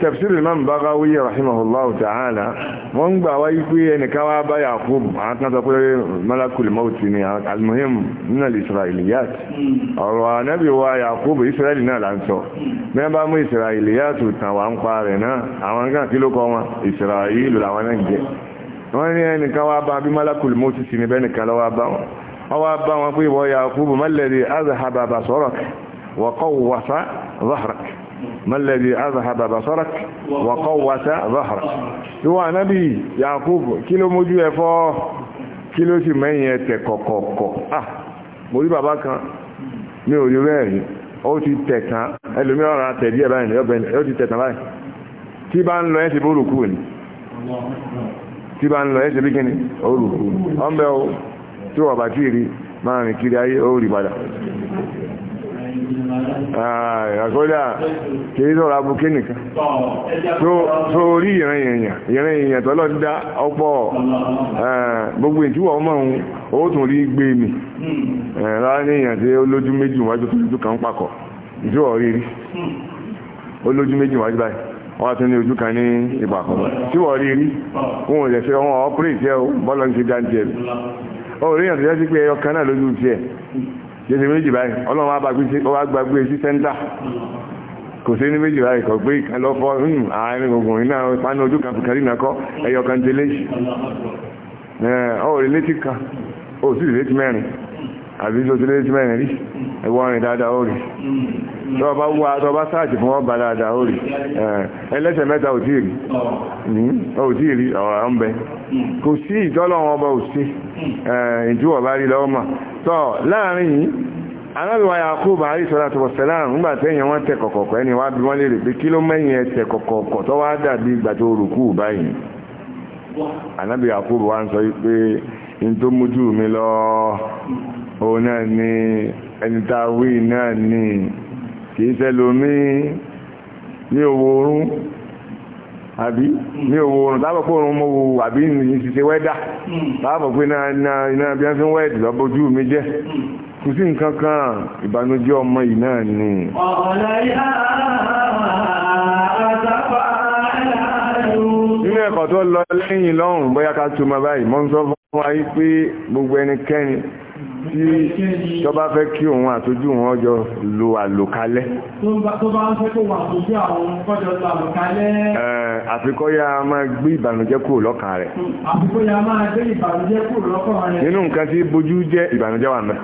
tafsir imam Bagawi rahimahullahu ta'ala wọ́n gbà wá yí pé ẹnìkan wá bá Yakub àwọn kan sọ pé malakul mawti ni almuhim nínú israeliyat ọ̀rọ̀ anábì wa Yakub israeli náà là ń sọ mẹ́bàá mú israeliyat tàn wá ń pa rẹ̀ náà àwọn kan kí ló kọ wọn israeli làwọn náà jẹ wọ́n ní ẹnìkan wá bá bí malakul mawti sí ni bẹ́nìkan lọ́wọ́ bá wọn wọ́n bá wọn pé ìwọ Yakub mọ́lẹ̀dẹ̀ azahaba basọ́rọ̀ wọ́kọ̀ wọ́sá zahrak ما الذي أذهب بصرك وقوت ظهرك هو نبي يعقوب كيلو موجو يفو كيلو سي من آه mo rí bàbá kan mi ò rí rẹ́ẹ̀rí ó ti tẹ̀tàn ẹlòmí ọ̀rọ̀ àtẹ̀dí ẹ̀bá ìní ti tẹ̀tàn báyìí tí bá ń lọ ẹ́sẹ̀ bó rùkú ni tí bá ń lọ ẹ́sẹ̀ àkọ́dà kìí sọ̀rọ̀ abúké nìkan tó rí ìran èèyàn ìran èèyàn tọ́lọ́ ti dá ọ̀pọ̀ eh, gbogbo ìtúwọ̀ ọmọ òun ó tún rí gbé mi eh, lára ní èèyàn tí ó lójú méjì wájú tó lójú kan pàkọ̀ ìtúwọ̀ rí rí ó lójú méjì wájú báyìí wọ́n tún ní ojú kan ní ìgbàkọ̀ jẹ́sẹ̀ méjì báyìí ọlọ́run agbàgbé sí sẹ́ńtà kò sí ní méjì báyìí kọ̀ gbé ìkànlọ́fọ́ hmm, àárín gbogbo iná pánú ojú kan fìkàrí nàkọ́ ẹyọ kan tẹ́lẹ̀ ọ̀ àbí tó tilé tí mẹ́rin rí ẹwọ́n rìn dáadáa ó rí tó bá wá tó bá sáàjì fún ọba dáadáa ó rí ẹlẹ́sẹ̀ mẹ́ta ò tí rí ní ò tí rí ọ̀rọ̀ ń bẹ kò sí ìtọ́lọ́wọ́n ọba ò sí ìjú ọba rí lọ́wọ́ mà tọ́ láàrin yìí alábìwá Yakubu àríṣọ́lá tó wọ̀sẹ̀lá ńgbà tẹ́yìn wọ́n tẹ kọ̀kọ̀kọ̀ ẹni wá bí wọ́n lè rè pé kí ló mẹ́yìn ẹ kọ̀kọ̀kọ̀ tó wá dàbí ìgbà tó rùkú báyìí alábìwá Yakubu wá ń sọ wípé n tó mójú mi lọ òun náà ni ẹni tá wí náà ni kìí tẹ́lómí ní owó orún àbí ní owó orún tábọ̀ pé òun mọ́wó àbí ní ṣiṣẹ́ wẹ́dà hmm. tábọ̀ pé iná bí wọ́n fi ń wẹ́ẹ̀dì lọ́bọ́jú mi jẹ́ hmm. kò sí nǹkan kan ìbànújẹ́ ọmọ yìí náà ni nínú ẹ̀kọ́ tó lọ tí tó bá fẹ́ kí òun àtójú wọn ọjọ́ lo àlòkalẹ́ àfikọ́yà máa gbé ìbànújẹ́ kúrò lọ́kàn rẹ̀ nínú nǹkan tí bojú jẹ́ ìbànújẹ́ wà mẹ́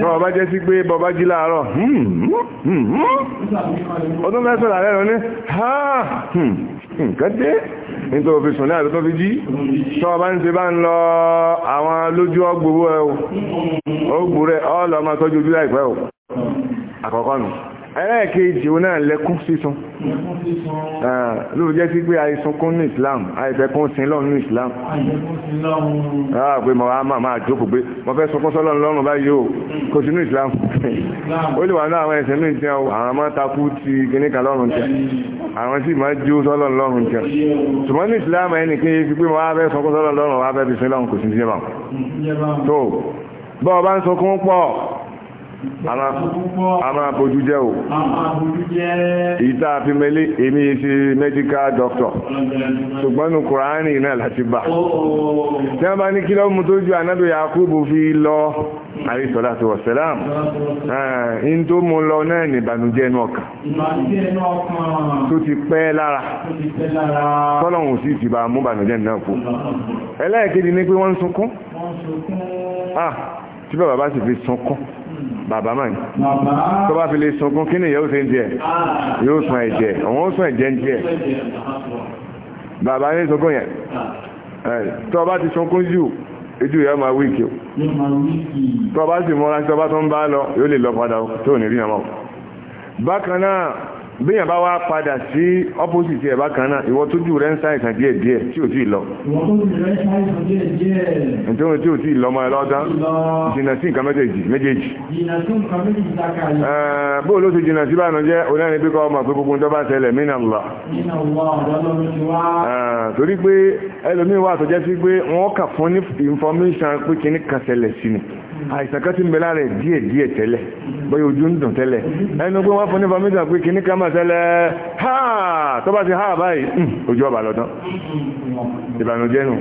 tọ́ ọba jẹ́ sí pé bọba jí láàárọ̀ hmm, hmm, hmm, ọdún mẹ́sàn-án rẹ̀ nǹkan dé nítorí òfin sùn náà tó fi jí tọ́ ọba ń ṣe bá ń lọ àwọn lójú ọgbòrú ẹ o ó gbòrú ẹ ọ́ lọ́ọ́ máa tọ́jú ojú láìpẹ́ o àkọ́kọ́ nù ẹlẹ́ẹ̀kejì òun náà lẹ́kún sísun ló jẹ́ sí pé àìsunkún ní Islam àìfẹ́kún sin lọ́run ní Islam pé mo wá máa jókòó pé mo fẹ́ sunkún sọ́lọ́run lọ́run báyìí o kò sínú Islam ó lè wà ní àwọn ẹ̀sìn ní ìjẹun àwọn máa takú ti kíníkà lọ́run jẹ àwọn sì máa jó sọ́lọ́run lọ́run jẹ ṣùgbọ́n ní Islam ẹnì kí n fi pé mo wá fẹ́ sunkún sọ́lọ́run lọ́run wá fẹ́ fi sin lọ́run kò sí ní ìjẹba tó bọ́ọ̀ bá ń sunkún pọ̀ a máa bójú jẹ́ o ìta àfi mẹ́lé èmi ṣe medical doctor ṣùgbọ́n nù kùránì náà láti bá tí wọ́n bá ní kí lọ́mú tó ju anábì Yakubu fi lọ àríṣọ́lá tó wọ̀sẹ̀láàmù in tó mú lọ náà ní ìbànújẹ́ inú ọkàn tó ti pẹ́ lára tọ́lọ̀hùn sí ti bá mú ìbànújẹ́ náà kú ẹlẹ́ẹ̀kejì ní pé wọ́n sunkún ah, tí bàbá sì fi sunkún bàbá mà ní tó bá fi lè sunkún kí ni yóò ṣe ń jẹ ah. yóò sun ẹ̀jẹ̀ òun ó sun ẹ̀jẹ̀ ń jẹ bàbá ní sunkún yẹn ah. tó bá ti sunkún jù ojú ìyá máa wíkì o tó bá sì mọ́ra tó bá tó ń bá lọ yóò lè lọ padà tó ní rí àmọ́ bákan náà bíyàn bá wá padà sí opposite ẹ̀bá kan náà ìwọ tó jù rẹ̀ ń sáìsàn díẹ̀ díẹ̀ tí ò tí lọ nítorí tí ò tí lọ máa lọ́dán jìnà sí nǹkan méjèèjì méjèèjì bóò ló ti jìnà sí báyìí jẹ́ onárin pé kọ́ ọmọ pé gbogbo tó bá ṣẹlẹ̀ mí náà lọ torí pé ẹlòmíín wà tó jẹ́ sí pé wọ́n kà fún information pé kíní kan àìsàn kan ti ń bẹ lára ẹ̀ díẹ̀ díẹ̀ bóyá ojú ń dùn ẹnu pé wọ́n fún ní pé kìíní máa ha tó bá ti ha báyìí ojú ọba lọ tán ìbànújẹ́ nù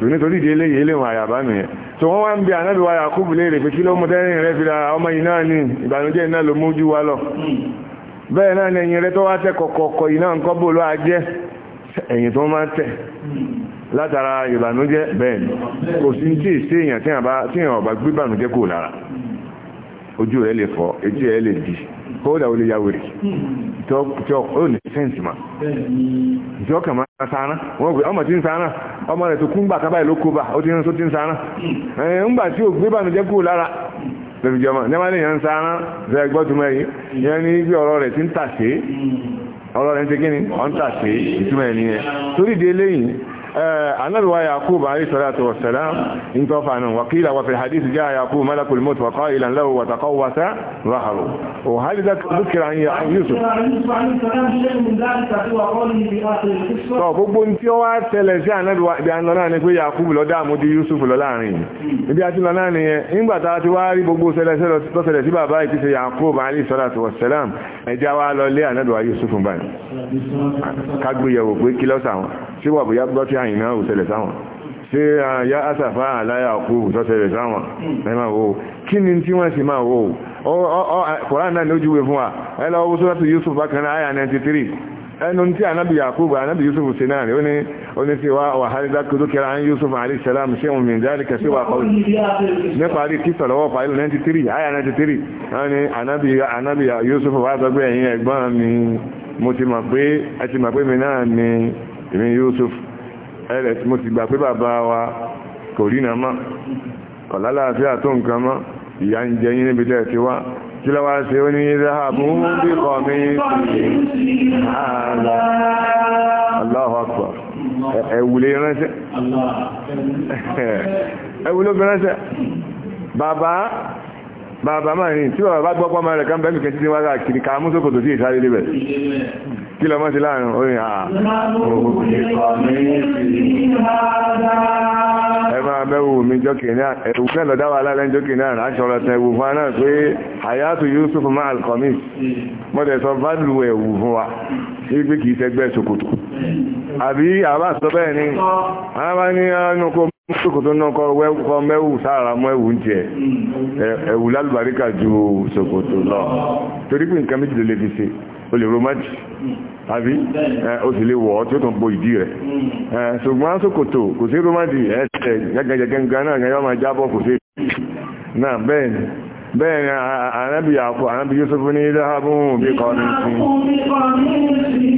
tòní torí ìdí eléyìí eléwọn àyàbá nù yẹn tó wọ́n wá ń bí ànábì wa Yakubu léèrè pé kí ló mú tẹ́rìn rẹ fi ra ọmọ yìí wa lọ bẹ́ẹ̀ náà ni rẹ tó wá látara ìbànújẹ́ bẹ́ẹ̀ kò sí tí tí èèyàn ọba gbé kò lára ojú rẹ̀ lè fọ́ etí rẹ̀ lè di kódà ó lè ya wèrè tí ó ní ma ìjọ kà máa sáná wọ́n gbé ọmọ tí ń sáná ọmọ rẹ̀ tó kún gbà kábàá ló ó ti tí ń sáná ńgbà tí ò kò lára ní sáná ń tàṣe hmm. ìtumọ̀ ẹ̀ annabi eh, wa yaqub alayhi salatu wa salam in to fa nan waqila wa fi hadith ja yaqub malakul maut wa qailan lahu wa taqawwasa dhahru wa hal dak dhukira an ya yusuf to gbogbo nti o wa tẹ̀lé sí annabi wa bi anna ni pé yaqub ló da mu di yusuf lọ láàrin ibi àti lọ láàrin yẹn ngba ta ti wa rí gbogbo ṣẹlẹ̀ ṣẹlẹ̀ tó ṣẹlẹ̀ sí bàbá ikise yaqub alayhi salatu wa e ja wa lọ lé annabi yusuf báyìí kágbéyẹ̀wò pé kí lọ́sà wọn ṣé wà bóyá gbọ́ tí àyìn náà ò ṣẹlẹ̀ sáwọn ṣé àyà àṣàfà àláyà òkú tó ṣẹlẹ̀ sáwọn ẹ máa wò kí ni tí wọ́n sì máa wò kòrán náà lójúwe fún wa ẹ lọ wọ́n sọ́tù Yusuf bákan náà àyà 93 ẹnu tí ànábì Yakubu ànábì Yusuf ṣe náà ni ó ní ó ní sí wa wàhálí dákúrú kẹra án Yusuf alayhi salam ṣé òun mìíràn dáríkà sí wà kọ́ọ̀lù nípa rí títọ̀ lọ́wọ́ fàílù 93 àyà 93 wọ́n ní ànábì Yusuf wà sọ pé ẹ̀yin ẹ̀gbọ́n mi mo ti mọ̀ pé ẹ ti mọ̀ pé mi náà ni èmi Yusuf ẹ̀rẹ̀ tí mo ti gbà pé bàbá wa kò rí nà mọ́ kọ̀lálàáfíà tó nǹkan mọ́ ìyá ń jẹ yín níbi tẹ́ ti wá kí lọ́wọ́ ṣe ó ní ìdáhàbù bí kọ̀ mí ẹ̀wùlé ránṣẹ́ bàbá bàbá máa rìn tí bàbá gbọ́ pọ́ máa rẹ̀ kan bẹ́mì kẹtí wá kiri ká mú sókòtò sí ìsáré lébẹ̀ kí lọ mọ́ sí láàrin orin àà ẹ máa bẹ́wò mi jọ́kì náà ẹ̀wù fẹ́ lọ dáwà alálẹ́ jọ́kì náà aṣọ́rọ̀ tẹ ẹ̀wù fún aná pé àyàtò Yusuf ṣòkòtò náà kọ mẹ́wù sára mọ́ ẹ̀wù ń tiẹ̀ mm. ẹ̀wù lálùbáríkà ju ṣòkòtò lọ torí pé nǹkan méjì ló lè fi ṣe o lè romaji àbí mm. o sì lè wọ̀ ọ́ tí ó tàn bo ìdí rẹ̀ mm. ṣùgbọ́n ṣòkòtò kò sí romati ẹ̀ẹ́sẹ̀ gẹ́gẹ́gẹ́gẹ́ náà yọ́ máa jábọ̀ kò sí náà bẹ́ẹ̀ ni bẹ́ẹ̀ ni ànábì àpò ànábì Yusuf ní dáhábù bí kọ́ ní sí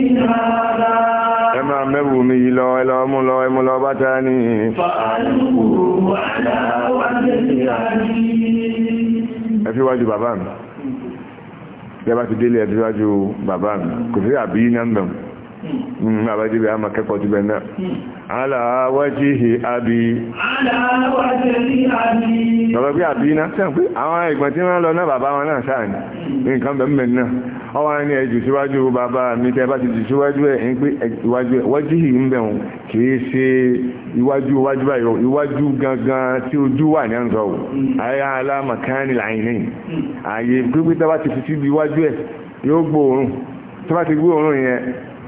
ẹ máa mẹ́bù mi yìí lọ ẹlọ mú lọ ẹmú lọ bá ta ní ẹ fi wájú bàbá a bá ti délé ẹ Hmm, hmm, àbájúbẹ̀ a máa kẹ́kọ̀ọ́ jùbẹ̀ náà aláwájíhì hmm. àbí lọ́wọ́ pé àbí iná sẹ́n pé àwọn ìgbọ̀n tí wọ́n lọ náà bàbá wọn náà sáà ní nǹkan bẹ̀mẹ̀ náà ọwá ní ẹjù síwájú bàbá mi tẹ́ bá ti jù síwájú ẹ̀ ń pé ìwájú ẹ̀ wájíhì ń bẹ̀ wọn kìí ṣe iwájú iwájú báyìí iwájú gangan tí ojú wà ní àǹsọ̀ àyà alámàkánì làyìnì àyè pípítà bá ti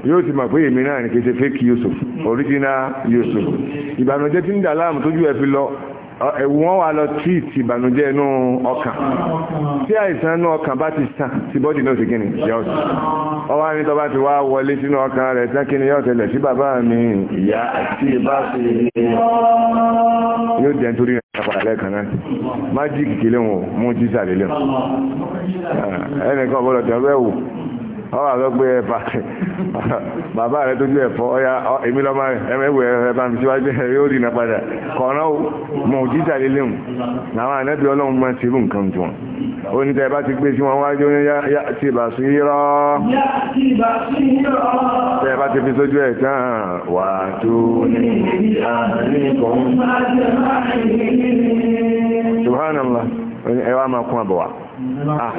yóò ti mọ̀ pé èmi náà ní kése fake Yusuf original Yusuf ìbànújẹ́ tí ń dà láàmú tójú ẹ fi lọ ẹ̀wù wọn wà lọ tíìtì ìbànújẹ́ inú ọkàn tí àìsàn inú ọkàn bá ti sàn tí bọ́dì náà sì kíni yọ sí ọwọ́ ní tọ́ba ti wá wọlé sínú ọkàn rẹ̀ tán kíni yọ tẹ̀lẹ̀ sí bàbá mi ìyá àti ìbá fi yóò jẹ́ nítorí ìrìnàpàá lẹ́ẹ̀kan náà májíìkì kílẹ̀ wọn mú jísà lélẹ̀ ẹnìkan ọ̀bọ̀lọ̀ tẹ̀wẹ́ wò ọwọ́ àlọ́ pé ẹ̀fà bàbá rẹ̀ tó ju ẹ̀fọ́ ọ̀yà èmi lọ́mọ ẹ̀mẹ́wẹ̀ ẹ̀fà mi síwájú ẹ̀ yóò rìnà padà kọ̀ọ̀nà mọ̀ òjíjà lélẹ́hùn làwọn ànábì ọlọ́run máa ṣe irú nǹkan jù wọn ó ní tẹ́ bá ti gbé sí wọn wájú ní yá ti bà sí rọ́ tẹ́ bá ti fi sójú ẹ̀ tán wà tó subhanallah ẹ wá máa kún àbọ̀wá ah,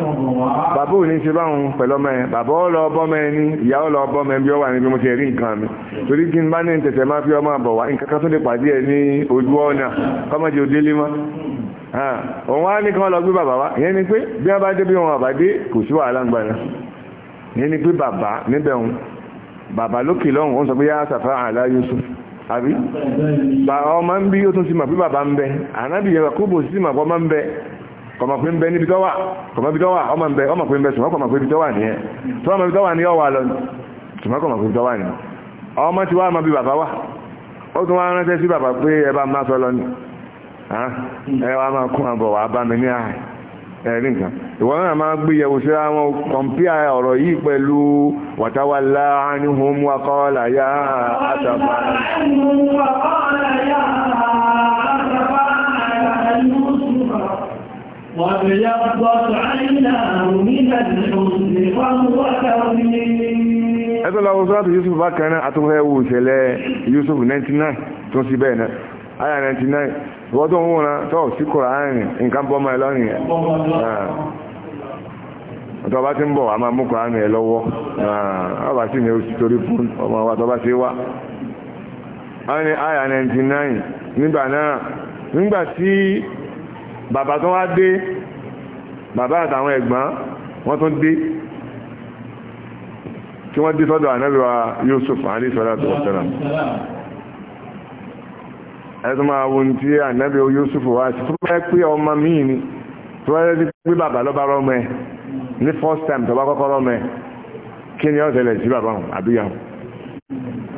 bàbá ò ní ṣe báwọn pẹ̀lú ọmọ ẹ bàbá ó lọ bọ́mọ ẹ ní ìyá ó lọ bọ́mọ ẹ bí ó wà níbi mo ti rí nǹkan mi torí kí n bá ní tẹ̀tẹ̀ máa fi ọmọ àbọ̀wá nǹkan kan tó lè pàdé ẹ ní ojú ọ̀nà kọ́mọdé òdélé mọ́ ah, òun wá ní kí wọ́n lọ gbé bàbá wa ìyẹn ni pé bí wọ́n bá dé bí wọn bàbá dé kò sí wàhálà ń gbàna ìyẹn ni pé bàbá níbẹ̀ òun bàbá lókè lọ́hùn ó ń sọ pé yá sàfà àlá Yusuf àbí ọmọ ń bí ó tún ti mọ̀ pé bàbá ń bẹ ànábìyẹ kó bò sí mọ̀ pé ọmọ ń bẹ kọmọ pé ń bẹ níbi kọmọ ọmọ ìbẹ̀ ọmọ pé ń bẹ kọmọ pé bí tọ́wà ní ẹ̀ lọ kọmọ ọmọ ma bí bàbá ó tún wá ránṣẹ́ sí bàbá pé ẹ bá sọ lọ ni ẹ wá máa kún àbọ̀ wà bá mi ní ẹ̀rí nǹkan náà máa gbé yẹ̀wò ọ̀rọ̀ yìí pẹ̀lú ánihun wakọ́ọ̀lá yá àtàbà ánihun wakọ́ọ̀lá yá àtàbà ẹ̀tọ́ lọ wọ́n bụ Yusuf bá kẹrin àtúnfẹ́wò ìṣẹ̀lẹ̀ Yusuf 99 tó sí bẹ́ẹ̀ náà àyà 99 wọ́n tó ń wọ́n náà tọ́ sí kọ̀rọ̀ àárín nǹkan bọ́mọ ẹ lọ́rin ẹ̀ ọ̀tọ́ ah. bá ti ń bọ̀ a máa mú kọ̀rọ̀ àárín ẹ lọ́wọ́ ọba sí ni ó torí fún ọmọ wa tọ́ bá ti wá àyà 99 nígbà náà nígbà tí bàbá tó wá dé bàbá àtàwọn ẹ̀gbọ́n wọ́n tún dé tí wọ́n dé sọ́dọ̀ ànábíwá Yusuf alayhi salatu wa salam ẹ̀sùn máa wo ní tí ànábí Yusuf wá sí tó bá pé ọmọ míì ni tó bá rẹ́ pé bàbá lọ́ba rọ́mọ ẹ̀ ní first time tó bá kọ́kọ́ rọ́mọ ẹ̀ kí ni ó ṣẹlẹ̀ sí bàbá àbíyàwó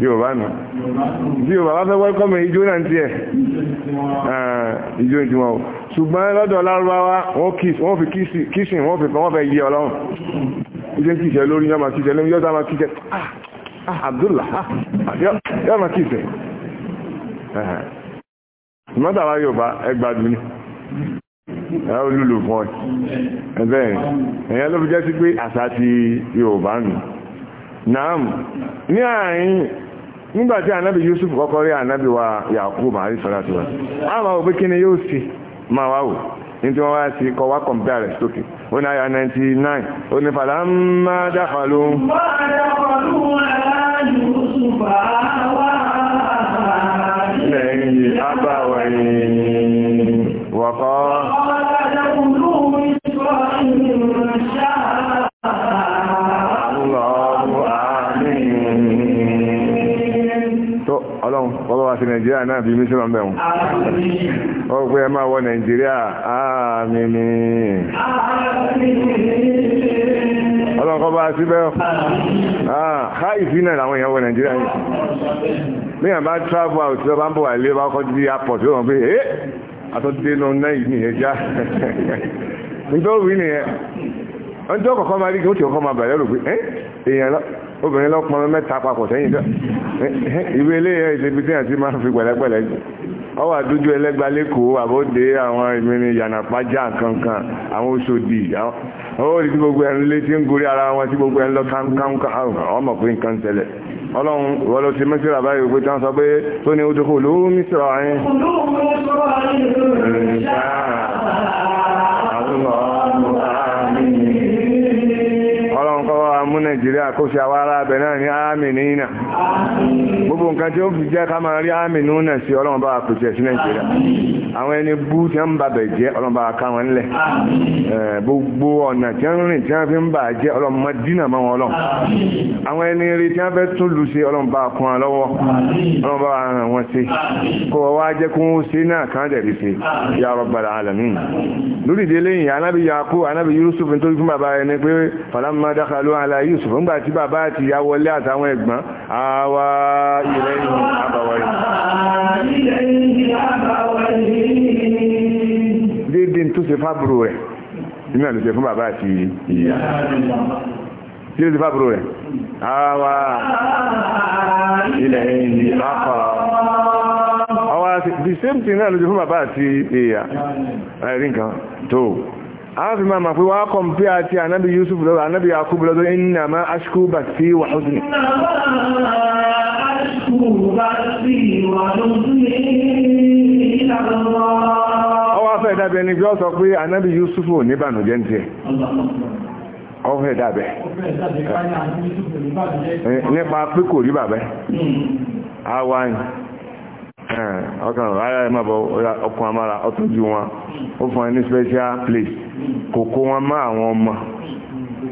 yóò bá nù bí yóò bá fẹ́ wẹ́kọ́mù ijó náà ti ẹ̀ ijó ti wọn o ṣùgbọ́n lọ́dọ̀ lárúbáwá wọ́n fi kíṣìn wọ́n fi kọ́ wọ́n fẹ́ yí ọlọ́run ijó kíṣẹ́ lórí yọ́mà kíṣẹ́ lórí yọ́ta ma kíṣẹ́ Abdullah yọ́mà kíṣẹ́ mọ́tàlá yóò bá ẹgbàdùn ní ẹ̀rọ olúlù fún ẹ̀ bẹ́ẹ̀ ẹ̀yẹ ló fi jẹ́ sí pé àṣà ti Yorùbá nù náà ní àárín nígbàtí ànábì Yusuf kọ́kọ́ rí ànábì wa Yakub alayhi salatu wa a máa wò pé kí ni yóò sì máa wá wò nítorí wọ́n wá sí kọ́ wá kọ̀m̀pẹ́ rẹ̀ sókè ó ní àyà 99 ó ní fàlà ń má dáfà ló ń lẹ́yìn abáwẹ̀yìn wọ̀kọ́ àti nàìjíríà náà bí mísírọ̀ ń ó pé ẹ máa wọ nàìjíríà àmì ọlọ́kọ́ bá a síbẹ̀ ká ìfínà làwọn èèyàn wọ nàìjíríà yìí. bíyàn bá travel out bá ń bọ̀ wà lé bá kọ́ di airport ó wọ́n pé ẹ́ àtọ́dénú náà yìí nìyẹn já. nítorí nìyẹn ọjọ́ kọ̀ọ̀kan máa rí kí ó ti kọ́kọ́ máa bàyẹ̀ rò pé ẹ́ èèyàn lọ obìnrin lọ́pọ̀ mẹ́ta papọ̀ sẹ́yìn ìwé ilé ẹ̀ ìṣẹ́bí tí àti máa fi pẹ̀lẹ́pẹ̀lẹ́ ọwọ́ àdójú ẹlẹ́gba lẹ́kọ̀ọ́ àbóde àwọn ìmìnrin yànàpájà kankan àwọn oṣòdì ọwọ́ òdì tí gbogbo ẹ̀ ń lé tí ń gorí ara wọn tí gbogbo ẹ̀ ń lọ kánkánká ọmọ pé nǹkan tẹ̀lẹ̀ ọlọ́run wọ́n lọ sí mísírà báyìí pé tán sọ pé tó ní ojú kò lówó mísírà ayé àwọn ọmọ àmì ọlọ́run kọ́ wa mú nàìjíríà kó ṣe àwọn ará abẹ náà ní àmì nínà gbogbo nǹkan tí ó fi jẹ́ ká máa rí àmì nínà sí ọlọ́run bá wa pèsè sí nàìjíríà àwọn ẹni bú tí wọ́n ń ba bẹ̀ jẹ́ ọlọ́run bá wa ká wọn lẹ̀ gbogbo ọ̀nà tí wọ́n rìn tí wọ́n fi ń bà jẹ́ ọlọ́run mọ́ dínà mọ́ wọn ọlọ́run àwọn ẹni rí tí wọ́n fẹ́ tún lù sí ọlọ́run bá kún wọn lọ́wọ́ ọlọ́run bá wa ràn wọn sí kó wọ́n wá jẹ́ kó dákàlù àlà Yusuf ńgbà tí bàbá àti ìyá wọlé àtàwọn ẹ̀gbọ́n àwa ilẹ̀ ìhìn àbàwọ̀yìn dédé tó ṣe fábúrò rẹ̀ inú ẹ̀ ló ṣe fún bàbá àti ìyá tí ó ṣe fábúrò rẹ̀ àwa ilẹ̀ ìhìn àbàwọ̀yìn the same thing náà ló ṣe fún bàbá àti ìyá ẹ̀rí nǹkan tó ààfin máa ma pé wá kọmpí àti ànábì Yusuf lọ́dọ̀ ma Yakub lọ́dọ̀ iná máa aṣkú bá sí wà husni ọwọ́ afẹ́ ìdábẹ̀ ni bí ó sọ pé ànábì Yusuf ò ní bànújẹ́ ní tiẹ̀ ọfẹ́ ìdábẹ̀ nípa pé kò rí awa àwáyìn ọkàn rárá ẹ má bọ ọkùn amára ọtọ́jú wọn ó fún ẹ special place kò kó wọn má àwọn ọmọ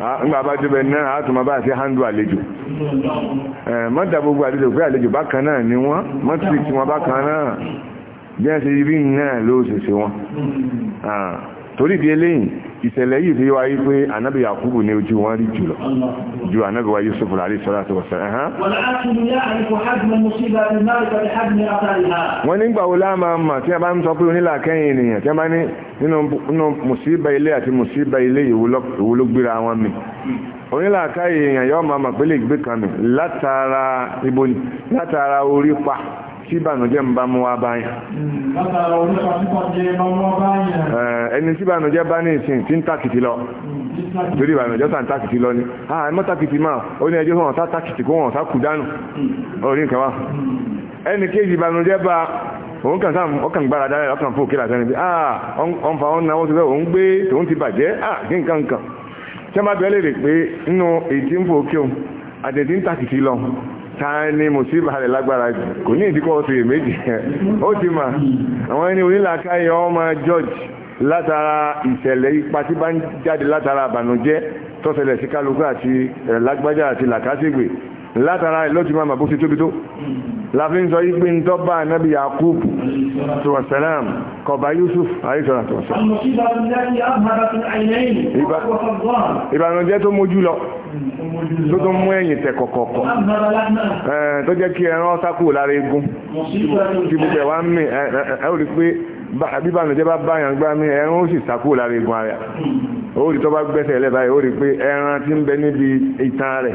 ah, nígbà bá débẹ̀ náà á bá àti handle àlejò eh, gbogbo àlejò àlejò bákan náà ni wọ́n mọ́tì tí wọ́n bákan náà bí ṣe rí náà ló wọn ah, torí di ìṣẹ̀lẹ̀ yìí fi wáyé pé ànábì Yakubu ní ojú wọn rí jùlọ ju ànábì wa Yusuf alayhi salatu wa salam. wọ́n nígbà wo láàmà mà tí a bá ń sọ pé onílà kẹ́yìn ènìyàn tí a bá ní nínú mùsíbà ilé àti mùsíbà ilé ìwò ló gbéra wọn mi onílà káyè èèyàn tí ìbànújẹ́ ń bá mú wá báyìí eh, ẹni tí ìbànújẹ́ bá ní ìsìn tí ń tàkìtì lọ torí ìbànújẹ́ tà tàkìtì lọ ni àà tàkìtì máa ó ní ẹjọ́ wọn tàkìtì kó wọn sá dánù orí nǹkan wá ẹni kéjì ìbànújẹ́ bá òun kàn sáà ọkàn gbára dálẹ̀ ọkàn fún làtẹ́ni bí ọ̀nfà ọ̀nà wọ́n ti fẹ́ òun gbé tòun ti bàjẹ́ kí nǹkan nǹkan tí wọ́n bá bẹ́ẹ̀ lè rè pé nínú èyí tí ń fò òun àtẹ̀tí ń tàkìtì lọ ta ni mùsíbà rẹ̀ lágbára jù kò ní ìdíkọ́ oṣù èméjì ó ti mà àwọn ẹni onílàákàyè ọmọ george látara ìṣẹ̀lẹ̀ ipa tí bá ń jáde látara àbànújẹ́ tó ṣẹlẹ̀ sí kálukú àti eh, lágbájá àti làkásìgbè látara ẹ̀ lójú máa bó ṣe tóbi tó láfi ń sọ yí pé ń tọ́bà nábi yakub tọ́wọ̀sẹ̀lám kọba yusuf àríṣọ́lá tọ́wọ̀sẹ̀lám ìbànújẹ́ tó mójú lọ tó tó mú ẹ̀yìn tẹ̀ kọ̀kọ̀kọ̀ tó jẹ́ kí ẹran sákù lára egun tí gbogbo ẹ̀wà ń mì ẹ̀ ò rí pé bíbànújẹ́ bá báyàn gbá mi ẹran ó sì sákù lára egun ara ó rí tó bá gbẹ́sẹ̀ lẹ́bàá ó rí pé ẹran tí ń bẹ níbi ìtàn rẹ̀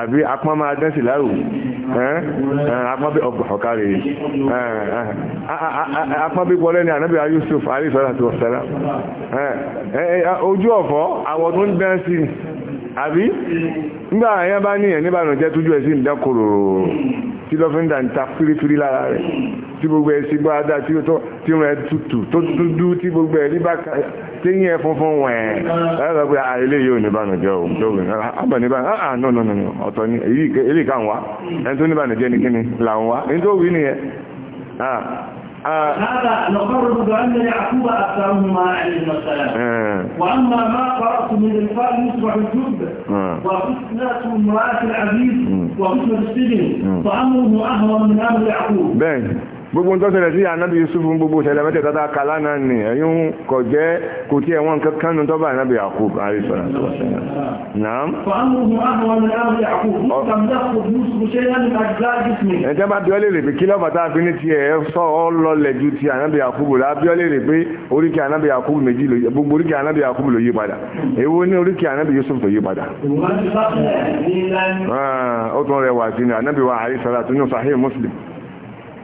àbí apọ́n máa dẹ́sì láàrù apọ́n bí ọgbà ọ̀kárì apọ́n bí wọlé ní ànábì Yusuf alayhi salatu wassalam ojú ọ̀fọ́ àwọ̀ tó ń dẹ́sì àbí nígbà àyàn bá níyàn níbànújẹ́ tójú ẹ̀ sí ìdá kòròrò tí lọ́ fi ń dà ń ta fírífírí lára rẹ̀ tí gbogbo ẹ̀ sí gbáadá tí ó rẹ̀ tutù tó dúdú tí gbogbo ẹ̀ níbà téyín ẹ̀ funfun wẹ̀ẹ́ ẹ̀rọ pé àìlè yóò níbànújẹ́ òun tó wẹ̀ àbọ̀ níbànújẹ́ àà nọ nọ nọ ọ̀tọ̀ ní èyí kà ń wá ẹni tó níbànújẹ́ ní kíni là ń wá ẹni tó wí nìyẹn ah, آه. هذا نقرر بأن يعقوب أكثرهما عليهما السلام آه. وأما ما قرأت من الفال يصبح الجب آه. وفتنة امرأة العزيز وفتنة السجن فأمره أهون من أمر يعقوب gbogbo tó ṣẹlẹ̀ sí anábì Yusuf gbogbo ṣẹlẹ̀ mẹ́tẹ̀ tata kala náà ni ẹ̀yìn kò jẹ́ kò tí ẹ̀wọ̀n kankan nu tọ́ba anábì Yakub àríṣọ́nà tó ṣẹlẹ̀ náà. ẹ̀jẹ̀ bá bíọ́lẹ̀ rè pé kí lọ́ba tá a fi ní tiẹ̀ ẹ sọ ọ́ lọlẹ̀ ju ti anábì Yakub la bíọ́lẹ̀ rè pé oríkì anábì Yakub méjì ló gbogbo oríkì anábì Yakub ló yí padà èwo ní oríkì anábì Yusuf tó yí padà. Ah, ó tún rẹwà sí ni anábì wa àríṣọ́nà tó ní Sahih Muslim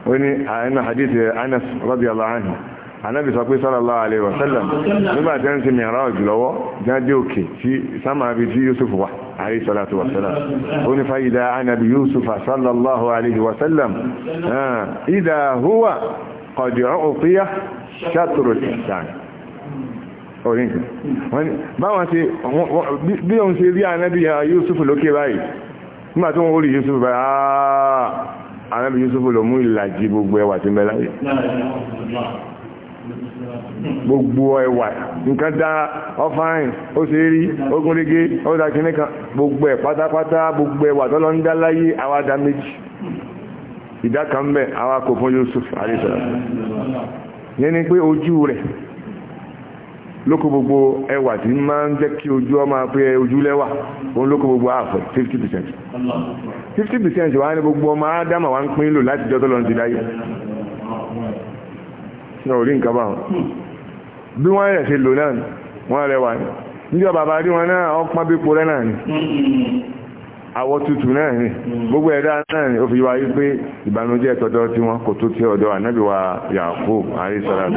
ó ní àìnà ah, hadith anas radiyallahu anhu anábì sọ pé sallallahu alaihi wa sallam nígbà tí ń ti mìíràn ìjìlọ́wọ́ jáde òkè tí sámàbí tí yusuf wà alayhi salatu wa sallam ó ní fàyídà anábì yusuf sallallahu alaihi wa sallam ah, idha huwa qad u'tiya shatru al-ihsan orínkì báwọn ti bí òun ti rí anábì yusuf lókè báyìí nígbà tí wọ́n rí yusuf báyìí ah, anábì Yusuf ló mú ìlàjì gbogbo ẹwà tí mẹ́lá yìí gbogbo ẹwà nǹkan dá ọfáàrin ó ṣe rí ogúnrégé ọdá kìíní kan gbogbo ẹ̀ pátápátá gbogbo ẹwà tọ́lọ ń dá láyé àwádá méjì ìdá kan bẹ̀ àwa kò fún Yusuf àrísọ̀rọ̀ yẹn ni pé ojú rẹ̀ lókò gbogbo ẹwà tí máa ń jẹ́ kí ojú ọmọ pé ojú lẹ́wà òun lókò gbogbo ààfẹ́ 50% 50% wà ní gbogbo ọmọ ádámà wà ń pín lò láti jọ́tọ́ lọ́n ti dáyé ṣe orí nǹkan bá wọn bí wọ́n rẹ̀ ṣe lò náà wọ́n rẹwà ní níjọba àwọ̀ tútù náà ni gbogbo ẹ̀dá náà ni ó fi wáyé pé ìbànújẹ́ tọ́dọ́ tí wọ́n kò tó tí ọ̀dọ̀ ànábì wa Yakub àríṣàlá ah,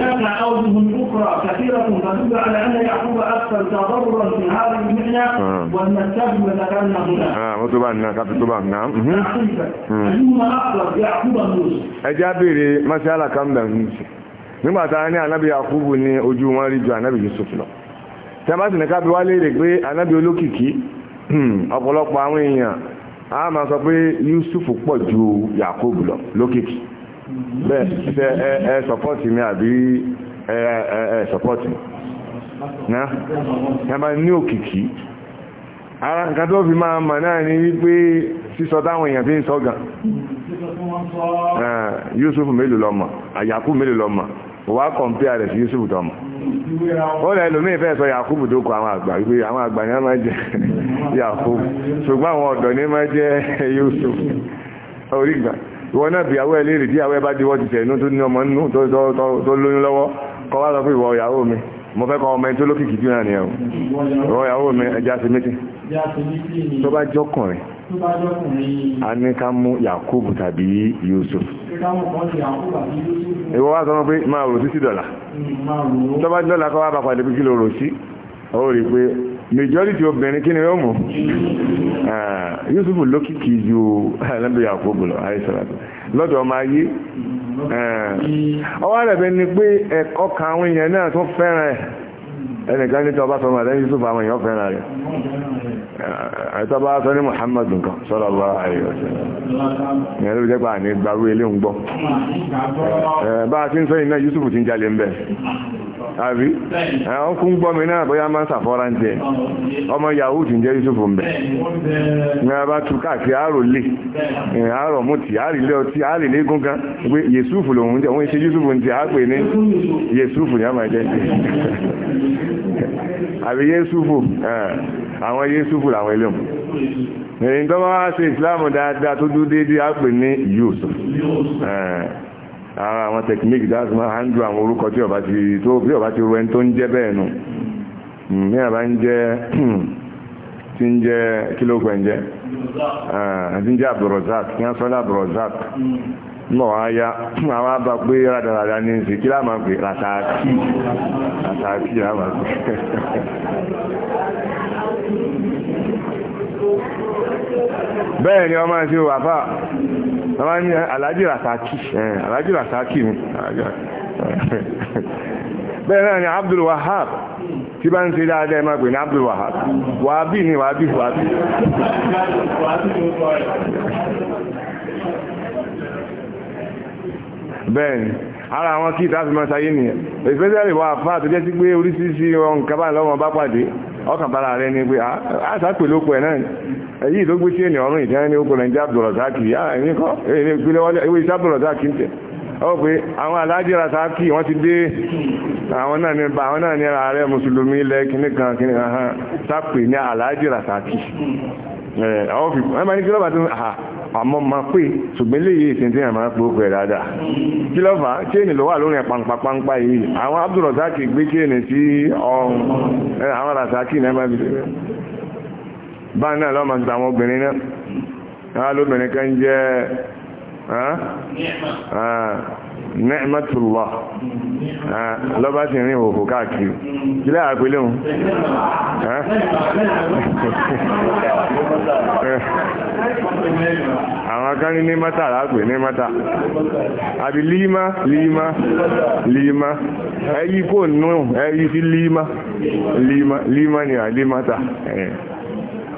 mo tó bá nà káfí tó bá nà mhm. mm. ẹjá béèrè masala kambẹ̀ nígbàtá ní ànábì Yakub ní ojú wọn rí ju ànábì Yusuf lọ tẹ́bátì ní káfí wá léèrè pé ànábì olókìkí Hmm, ọ̀pọ̀lọpọ̀ àwọn èèyàn a máa sọ pé Yusuf pọ̀ ju Yakub lọ lókìkí bẹ́ẹ̀ ṣe ẹ mi àbí ẹ ẹ sọpọ́tì mi ní òkìkí ara nǹkan tó fi máa mà náà ni wípé sísọ táwọn èèyàn fi ń sọ gan Yusuf mélòó lọ́mọ wà kọ̀mpíà rẹ̀ sí Yusuf tọ́mọ̀ ó lẹ́ lómi ìfẹ́ sọ Yakubu tó kọ àwọn àgbà wípé àwọn àgbà ní a máa jẹ Yakubu ṣùgbọ́n àwọn ọ̀dọ́ ní máa jẹ Yusuf orí gbà ìwọ náà bí àwọ̀ ẹlẹ́rìí tí àwọ̀ ẹ bá diwọ́ ti tẹ̀nu tó ní ọmọ nínú tó lóyún lọ́wọ́ kọ́ wá lọ fún ìwọ ìyàwó mi mo fẹ́ kọ́ ọmọ ẹni tó lókìkí tí ó náà nìyẹn o ìwọ ìyàwó mi ẹja sí mítìn tó bá jọ́kùnrin a ní ká mú Yakubu tàbí Yusuf ìwọ wá sọ pé máa rò sí sí dọ́là hmm, tó bá dọ́là kọ́ wá bá pàdé bí kí ló rò sí ó rí pé majority obìnrin kí ni ó mú hmm. ah, Yusuf lókìkí ju alábẹ́ ah, Yakubu lọ àìsàn lọ́dọ̀ ọmọ ayé hmm. ah, ọwọ́ rẹ̀ bẹ́ni pé ẹ̀kọ́ kan àwọn èèyàn náà tún fẹ́ràn ẹ̀ ẹnìkan ní tọba sọmọ ẹ̀lẹ́yìn Yusuf àwọn èèyàn rẹ̀ ẹ̀tọba sọ ní Muhammad nǹkan sọ́lọ́lọ́ àríwọ̀sẹ̀ ìyẹn ló jẹ́ pà ní gbarú ilé ń gbọ́ bá a ti ń sọ iná Yusuf ti ń jalè ń bẹ̀ àbí ẹ̀hún kún gbọ́ mi náà bóyá máa ń ń jẹ ọmọ yahoo ti ń jẹ́ Yusuf ń bẹ̀ ní a bá tu káàkiri àárò lè àárò mú ti àárì lé ọtí àárì lé Yusuf lòun ṣe Yusuf ń ní Yusuf àbí yéṣùfù àwọn yéṣùfù làwọn ilé mu èyí tó máa ṣe ìsìláàmù dáadáa tó dúdé dí á ní Yusuf ara àwọn tẹkiníkì dáàtù máa ń ju àwọn orúkọ tí ọba ti tó bí ọba ti ro tó ń jẹ́ bẹ́ẹ̀ nù ní hmm, àbá ń jẹ́ tí ń jẹ́ kílógún ẹ̀ ń jẹ́ ń mọ̀ wá yá àwọn àbá pé rádaràdà ní ìsìn kí láàmà pé ràtàkì ràtàkì láàmà pé bẹ́ẹ̀ ni ọmọ ẹ̀sìn wàfà ọmọ ní alájì ràtàkì alájì ràtàkì ni bẹ́ẹ̀ náà ni Abdul Wahab tí bá ń ṣe dáadáa ẹ máa pè ní Abdul Wahab wàábì ni wàábì wàábì bẹ́ẹ̀ni ara àwọn kí ìtàfi máa sayé nìyẹn especially wà fáà tó jẹ́ sí pé oríṣiríṣi ọ̀nkàbá lọ́wọ́ bá pàdé ọkàn bára rẹ ni pé àṣàpè ló pẹ̀ náà èyí tó gbé sí ènìyàn ọ̀run ìdáná ní okòrò ìjà abdulrasaki ẹ̀yìn kọ́ èyí ìpínlẹ̀ wọlé ewé iṣẹ́ abdulrasaki ń tẹ̀ ọ pé àwọn aláàjì rasaki wọ́n ti dé àwọn náà ní ba àwọn náà ní ààrẹ mùsùlùmí ilẹ̀ kìnnìkan kìnnìkan sápè ní aláàjì rasaki ẹ̀ ọ́ fi ẹ̀ máa ní kí lọ́ba tó ń àmọ́ máa pè ṣùgbọ́n eléyìí ìsìn tí yàn máa pè ó pẹ̀ dáadáa kí ló fà á chain ló wà lórí ẹ̀ pàǹpàpàǹpà yìí àwọn abdulrasaki gbé chain sí ọrùn àwọn rasaki náà máa fi ṣe báyìí náà lọ́mọ ti àwọn obìnrin náà lóbìnrin kan jẹ́ nẹ́ẹ̀mẹ́tùlọ́ lọ́bá ti rìn òhò káàkiri jílẹ̀ ẹ̀yí kò nù ẹ̀yí sí líma líma líma ni àlímátà ẹ̀yẹn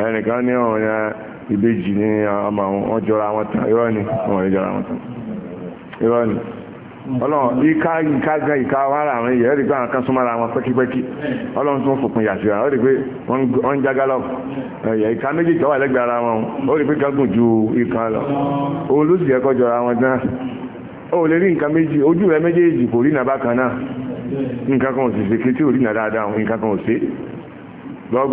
ẹnìkan ní ọ̀rọ̀ ìbejì ní wọn tán irọ́ ni ọmọ jọra wọn tán irọ́ ni ọlọ́run ìka ìka gan ìka wàrà àwọn èèyàn ẹ̀rí pé àwọn kan wọn pẹ́kípẹ́kí ọlọ́run tún fòpin ó rí pé wọ́n ń ẹ̀yà méjì tó wà lẹ́gbẹ̀ẹ́ ara yẹ wọn tán ó lè rí nǹkan méjì ojú rẹ méjèèjì kò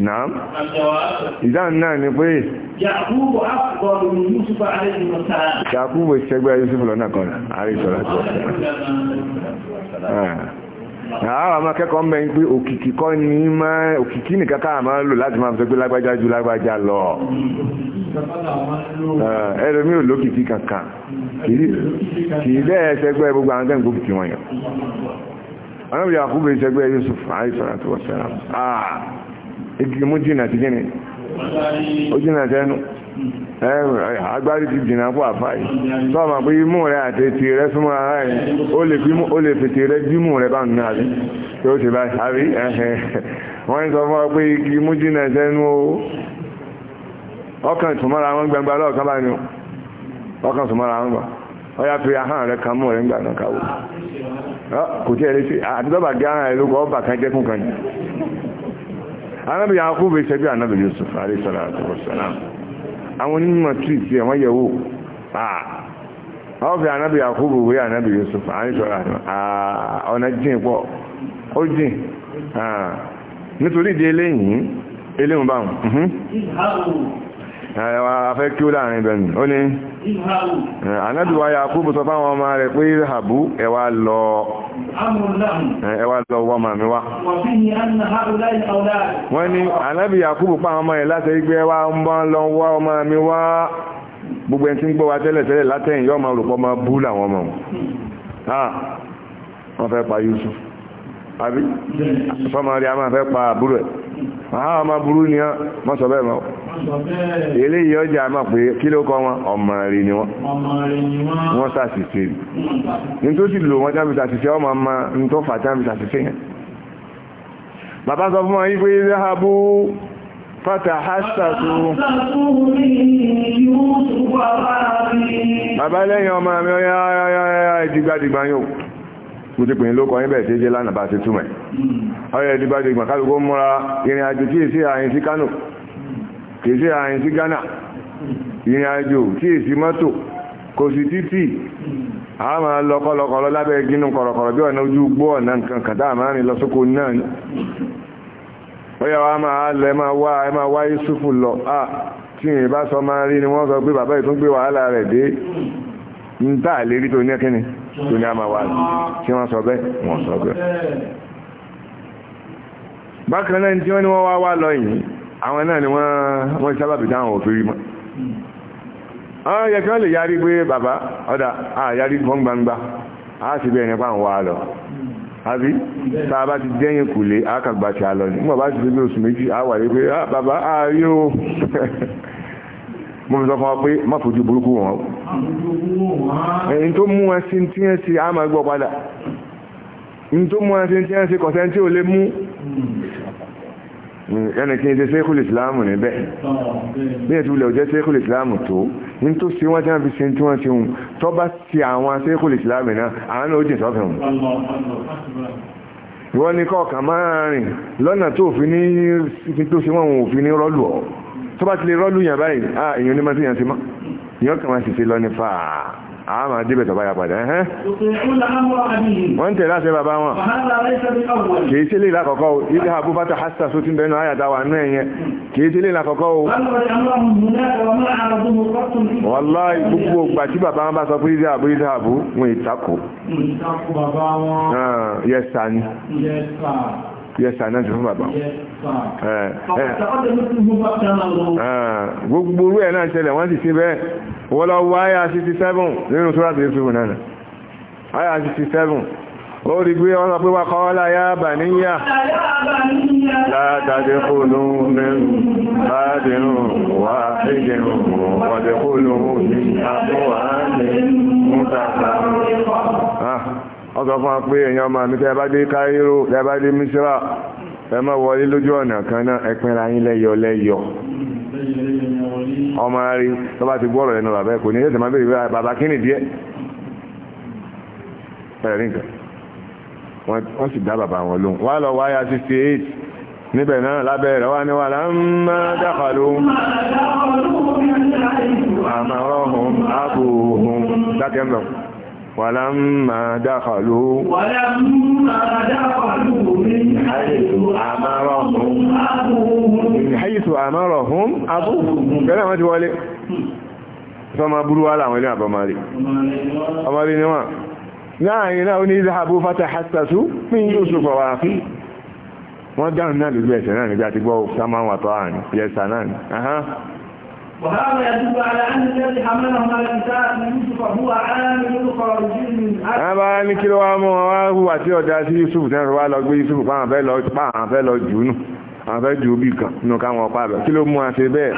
náà ìdáhùn náà ni pé Yakubu ìṣẹ́gbẹ́ Yusuf lọ́nà kan àríṣọ́lá tó ah. àwọn ọmọ akẹ́kọ̀ọ́ mẹ́ pé òkìkí kọ́ ní máa òkìkí nìkan káà máa lò láti máa fi pé lágbájá ju lágbájá lọ ah, ẹlòmí ò lókìkí kankan kì í bẹ́ẹ̀ ṣẹgbẹ́ gbogbo àwọn tẹ́ǹkó kìkí wọ̀nyàn. àwọn ìyàkúbẹ̀ ṣẹgbẹ́ Yusuf àìsàn àti wọ́sẹ̀ràn ìgbìmú jìnà ti gíní ó jìnà tẹ́nu agbárí ti jìnà fún àfáì tó ma pé imú rẹ àti etí rẹ súnmọ́ ara rẹ ó lè rẹ rẹ bá ti bá sáré wọ́n sọ fún ọ pé igi jìnà o ọkàn tùmọ́ra wọn gbangba lọ́ọ̀kan bá ní ọkàn tùmọ́ra wọn gbà ọ yà fi ahọ́n rẹ kan mú rẹ ńgbà náà káwó kò tí ẹ lè ṣe àti bàbá ahọ́n rẹ lóko ọ anábì Yakub tabi anábì Yusuf alayhi salatu wassalam àwọn onímọ̀ tírìtì ẹ̀wọ́n yẹ̀wò àwọn fi anábì Yakub wé anábì Yusuf àníṣọ́ra ọ̀nà jìn pọ̀ ó jìn nítorí ìdí eléyìn ba mu Eh, afẹ́ kí ó láàrin bẹ̀rù ó ní anábìwá eh, yakubu sọ fáwọn ọmọ rẹ̀ pé ìhàbú ẹwà lọ eh, ẹwà lọ wọ́n ma mi wá wọ́n ní anábì yakubu pàwọn ọmọ rẹ̀ láti gbé ẹwà ń bọ́ lọ wọ́ ọmọ mi wá gbogbo ẹni tí ń gbọ́ wa tẹ́lẹ̀ tẹ́lẹ̀ látẹ̀yìn yọ́ ma rò pọ́ ma bú ah, Yusuf àbí fọ́mọ rí a máa fẹ́ pa àbúrò ẹ̀ àwọn ọmọ burú ni wọ́n mọ́ sọ bẹ́ẹ̀ mọ́ eléyìí ọjà máa pé kí ló kọ́ wọn ọmọ rí ni wọ́n wọ́n sàṣìṣe ní tó sì lò wọ́n tábí sàṣìṣe ọmọ ọmọ ní tó fà tábí sàṣìṣe yẹn bàbá sọ fún wọn yí pé zahabu fàtàhásàtò bàbá lẹ́yìn ọmọ mi ọyá ìdìgbàdìgbà yóò mo ti pèyìn lókọ níbẹ̀ tí ó jẹ́ lánàá bá hmm. ti túmọ̀ ọ̀rẹ́ ẹ̀dí bá ti gbọ̀n kálukú múra ìrìn àjò tí èsì àyìn sí Kánò hmm. kì í sí àyìn sí Ghana hmm. ìrìn àjò tí èsì mọ́tò kò sí títì a máa lọ́kọ́lọ́kọ́lọ́ lábẹ́ gínú kọ̀rọ̀kọ̀rọ̀ bí ọ̀nà ojú gbọ́ ọ̀nà nǹkan kàtà máa rìn lọ sóko náà ni ó yà wá máa lẹ máa wá ẹ máa wá ni wọ́n tó ní àmà wà tí wọ́n sọ bẹ́ẹ̀ wọ́n sọ bẹ́ẹ̀ bákan náà tí wọ́n ní wọ́n wá wá lọ yìí àwọn náà ni wọ́n sábàbí táwọn òfin rí mọ́ àwọn yẹ kí wọ́n lè yarí pé bàbá ọ̀dá àyàrí fún gbangba a sì bẹ̀rẹ̀ nípa àwọn àlọ́ àbí tàbá ti dẹ́yìn kùlé àkàgbà ti àlọ́ ní mọ̀ bá ti fi bí oṣù méjì àwàrí pé ah, bàbá ààrí o mo fi sọ fún wa pé má fojú burúkú wọn ẹni tó mú ẹsìn tí ẹ ti àmà gbọ́ padà ní tó mú ẹsìn tí ẹ ti kọ̀sẹ̀ tí ò lè mú ẹni kí n ṣe sẹ́kùl ìsìláàmù níbẹ̀ bí ẹ̀ tí wulẹ̀ òjẹ́ sẹ́kùl ìsìláàmù tó ní tó ṣe wọ́n tí wọ́n fi ṣe tí wọ́n ṣe hùn tó bá ṣe àwọn sẹ́kùl ìsìláàmù náà àwọn ojì sọ́fẹ̀ hùn ìwọ́n ni kọ̀ọ̀kan máa rìn lọ́nà tó fi ní tó ṣe wọ́n òfin ní rọ́lù ọ̀ tó bá ti lè rọ́lù yàn báyìí ah èyàn ní mọ́tí yàn ti mọ́ kàn máa lọ ní fa àá máa débẹ̀ tọ́ bá yà padà ẹ̀hẹ́ wọ́n tẹ̀ láṣẹ bàbá wọn kìí ṣe lè lákọ̀ọ́kọ́ o ilé àbú bá hásítà só ti àyàdá wà nú ẹ̀yẹn kìí ṣe lè lákọ̀ọ́kọ́ o tí bàbá wọn bá sọ pé ilé àbú ilé àbú wọn ìtakò yẹsà náà ti fún bàbá gbogbo orú ẹ̀ náà ṣẹlẹ̀ wọ́n ti sí bẹ́ẹ̀ wọ́n lọ wọ àyà 67 nínú tó rábìlì fún náà àyà 67 ó rí gbé ọ́nà pé wà kọ́ láyá bà níyà látàdé kòlù mẹ́rin bádẹ̀rún wà ẹgbẹ̀rún wọ́dẹ̀kòlù ní àbúwà ní mútàkà wọ́n sọ fún wa èèyàn máa mi tẹ́ bá dé káírò tẹ́ bá dé mísírà ẹ má wọlé lójú ọ̀nà kan náà ẹ pínra yín lẹ́yọ lẹ́yọ ọmọ rí tó bá ti gbọ́ ọ̀rọ̀ ẹnu bàbá ẹ kò ní ẹsẹ̀ máa bèèrè ah, bàbá kí ni díẹ̀ ẹ rí nǹkan wọ́n sì dá bàbá wọn lóhùn wá lọ wáyà sixty eight níbẹ̀ náà lábẹ́ rẹ̀ wá ní wà lámà dákàlú àmàrọ̀hùn àbòhùn ولما دخلوا ولما دخلوا من حيث أمرهم أبوهم من حيث أمرهم أبوهم كلام ما تقول فما بلوا على عملنا أمالي نواء láàrin náà ní ìzáàbú fata hasasu min Yusuf wa akhi wọ́n dáhùn náà lójú ẹ̀sẹ̀ náà nígbà gbọ́ وهذا يدل على أن الذي حملهم على الكتاب من يوسف هو عامل خارجي من أجل أبا ní kí ló wá mọ́ wá hùwà tí ọ̀dá sí Yusuf tí wọ́n wá lọ gbé Yusuf pa àwọn fẹ́ lọ pa àwọn kí ló mú àṣẹ bẹ́ẹ̀.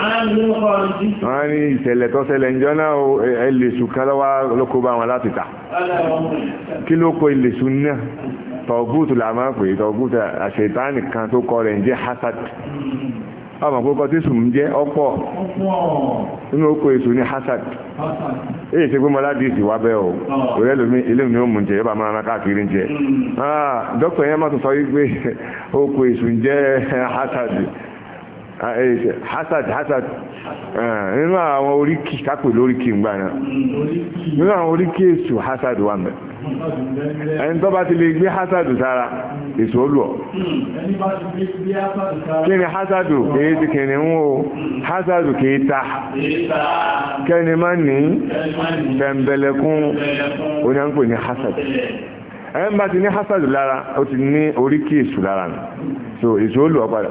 wọ́n ní ìṣẹ̀lẹ̀ tó ṣẹlẹ̀ ń jọ́nà ẹlẹ́sù kan lọ́wọ́ ló kó bá wọn láti tà kí ló kó ẹlẹ́sù náà tọ̀gùtù làwọn pè tọ̀gùtù àṣetánì kan tó kọ rẹ̀ ń jẹ́ hasad hmm. ọmọ púpọ̀ tí sùn jẹ́ ọ̀pọ̀ nínú oko èso ní hasad èyí tí gbọ́mọ́ láti ìsì wa bẹ́ o ah. òrẹ́ lómi ilé mi ó jẹ yọba máa káàkiri jẹ hmm. ah, dókítà yẹn má tún sọ wípé oko èso hasad Eh, hasad hasad eh, nínú àwọn oríkì kápè lóríkì ń gbà náà nínú àwọn oríkì èṣù hasad wà mẹ́ ẹni tó bá ti lè gbé hasad sára èṣù ó lù ọ́ kí ni hasad kìí ti kìí ń wo hasad kìí ta kẹ́ni má ní tẹ̀m̀bẹ̀lẹ̀kún oníyànpọ̀ ní hasad ẹni bá ti ní hasad lára ó ti ní oríkì èṣù lára nù so èṣù ó lù padà.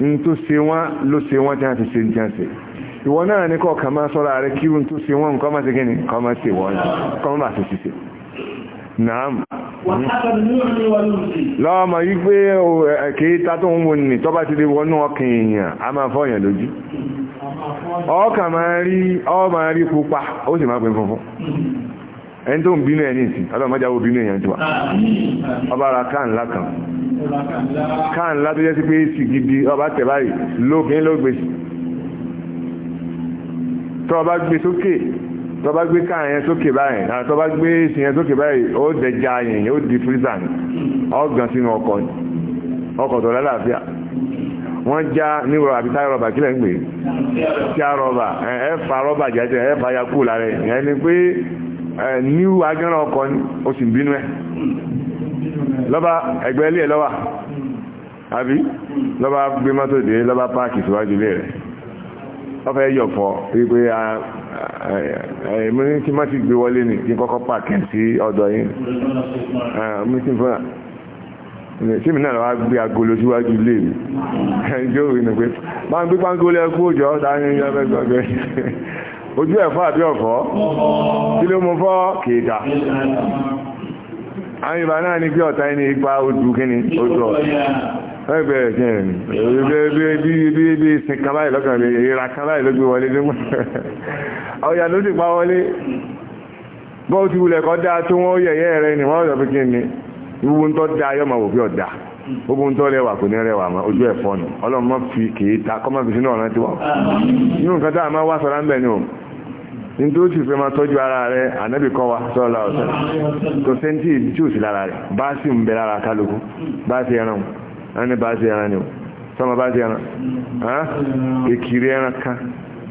ní tó se wọ́n ló ṣe wọ́n tí a ti ṣe jẹ́ ṣe ìwọ náà ní kọ́ kàmá sọ́ra rẹ̀ kí n tó ṣe wọ́n kọ́má sí gẹ́ni kọ́má sí wọ́n kọ́má sí se sí naam lọ́ọ̀mà yí pé kìíta tó ń wo nì tọ́bá ti lè wọnú ọkàn èèyàn a máa fọ́yàn lójú ọkà máa rí pupa ó sì máa pè funfun ẹni tó ń bínú ẹni ìsìn ọlọ́mọdé àwọn obìnrin èèyàn ọba ara káà ńlá kan káà ńlá tó jẹ́ sí pé gidi ọba tẹ̀ báyìí ló gbé sí gbé sókè tó gbé káà yẹn sókè báyìí gbé yẹn sókè báyìí ó dẹja ó di fúrísà ní ọgàn sínú ọkọ̀ ọkọ̀ tó lálàáfíà wọ́n já ní rọ̀bà àbí táyà rọba, kílẹ̀ ń gbé tí a yakú lára níwú agẹ́rẹ́ ọkọ̀ ní ó sì bínú ẹ̀ lọ́bá ẹgbẹ́ ilé lọ́wà àbí lọ́bá gbé mọ́tò dé lọ́bá páàkì síwájú ilé rẹ̀ ọ́fẹ́ yọ̀ fọ́ wípé ẹ̀mí tí má ti gbé wọlé ní kí kọ́kọ́ páàkì sí ọ̀dọ̀ yìí tí mi náà lọ́wọ́ gbé agolo síwájú ilé mi ẹjọ́ ìrìnà pé máa ń gbé pàǹgólẹ́ kú òjò ọ́ta ní ọjọ́ ẹgbẹ́gbẹ́ ojú ẹ̀fọ́ àbí ọ̀fọ́ kí ló mú fọ́ kìíta àwọn ìbá náà ní pí ọ̀tá ẹni ipa ojú kíni ojú ẹgbẹ́ ẹ̀kẹ́ rẹ̀ bí sin kábáyì lọ́kàn lè ra kábáyì ló gbé wọlé dégbà ọ̀yà ló sì pa wọlé bọ́ọ̀ ti wulẹ̀ kọ́ dáa tó wọ́n yẹ̀yẹ́ rẹ̀ ni wọ́n yọ̀ pé kí ni ìwú ń tọ́ dáa yọ́mọ̀ wò bí ọ̀dáa gbogbo ń tọ́ rẹwà kò ní ẹrẹwà mọ́ ojú ẹ̀ fọ́nù ọlọ́run fi kìí ta kọ́mọ́ fi sínú ọ̀ràn tiwọ́ nǹkan tá a máa wá ń bẹ̀ ni o nítorí tí fẹ́ máa tọ́jú ara rẹ ànábì kọ́ wa sọ́ọ́lá ọ̀sẹ̀ sẹ́ńtì tí ò sí lára rẹ̀ bá sì ń bẹ lára kálukú bá sì ẹran ẹni bá sì ẹran ni o sọ́mọ bá sì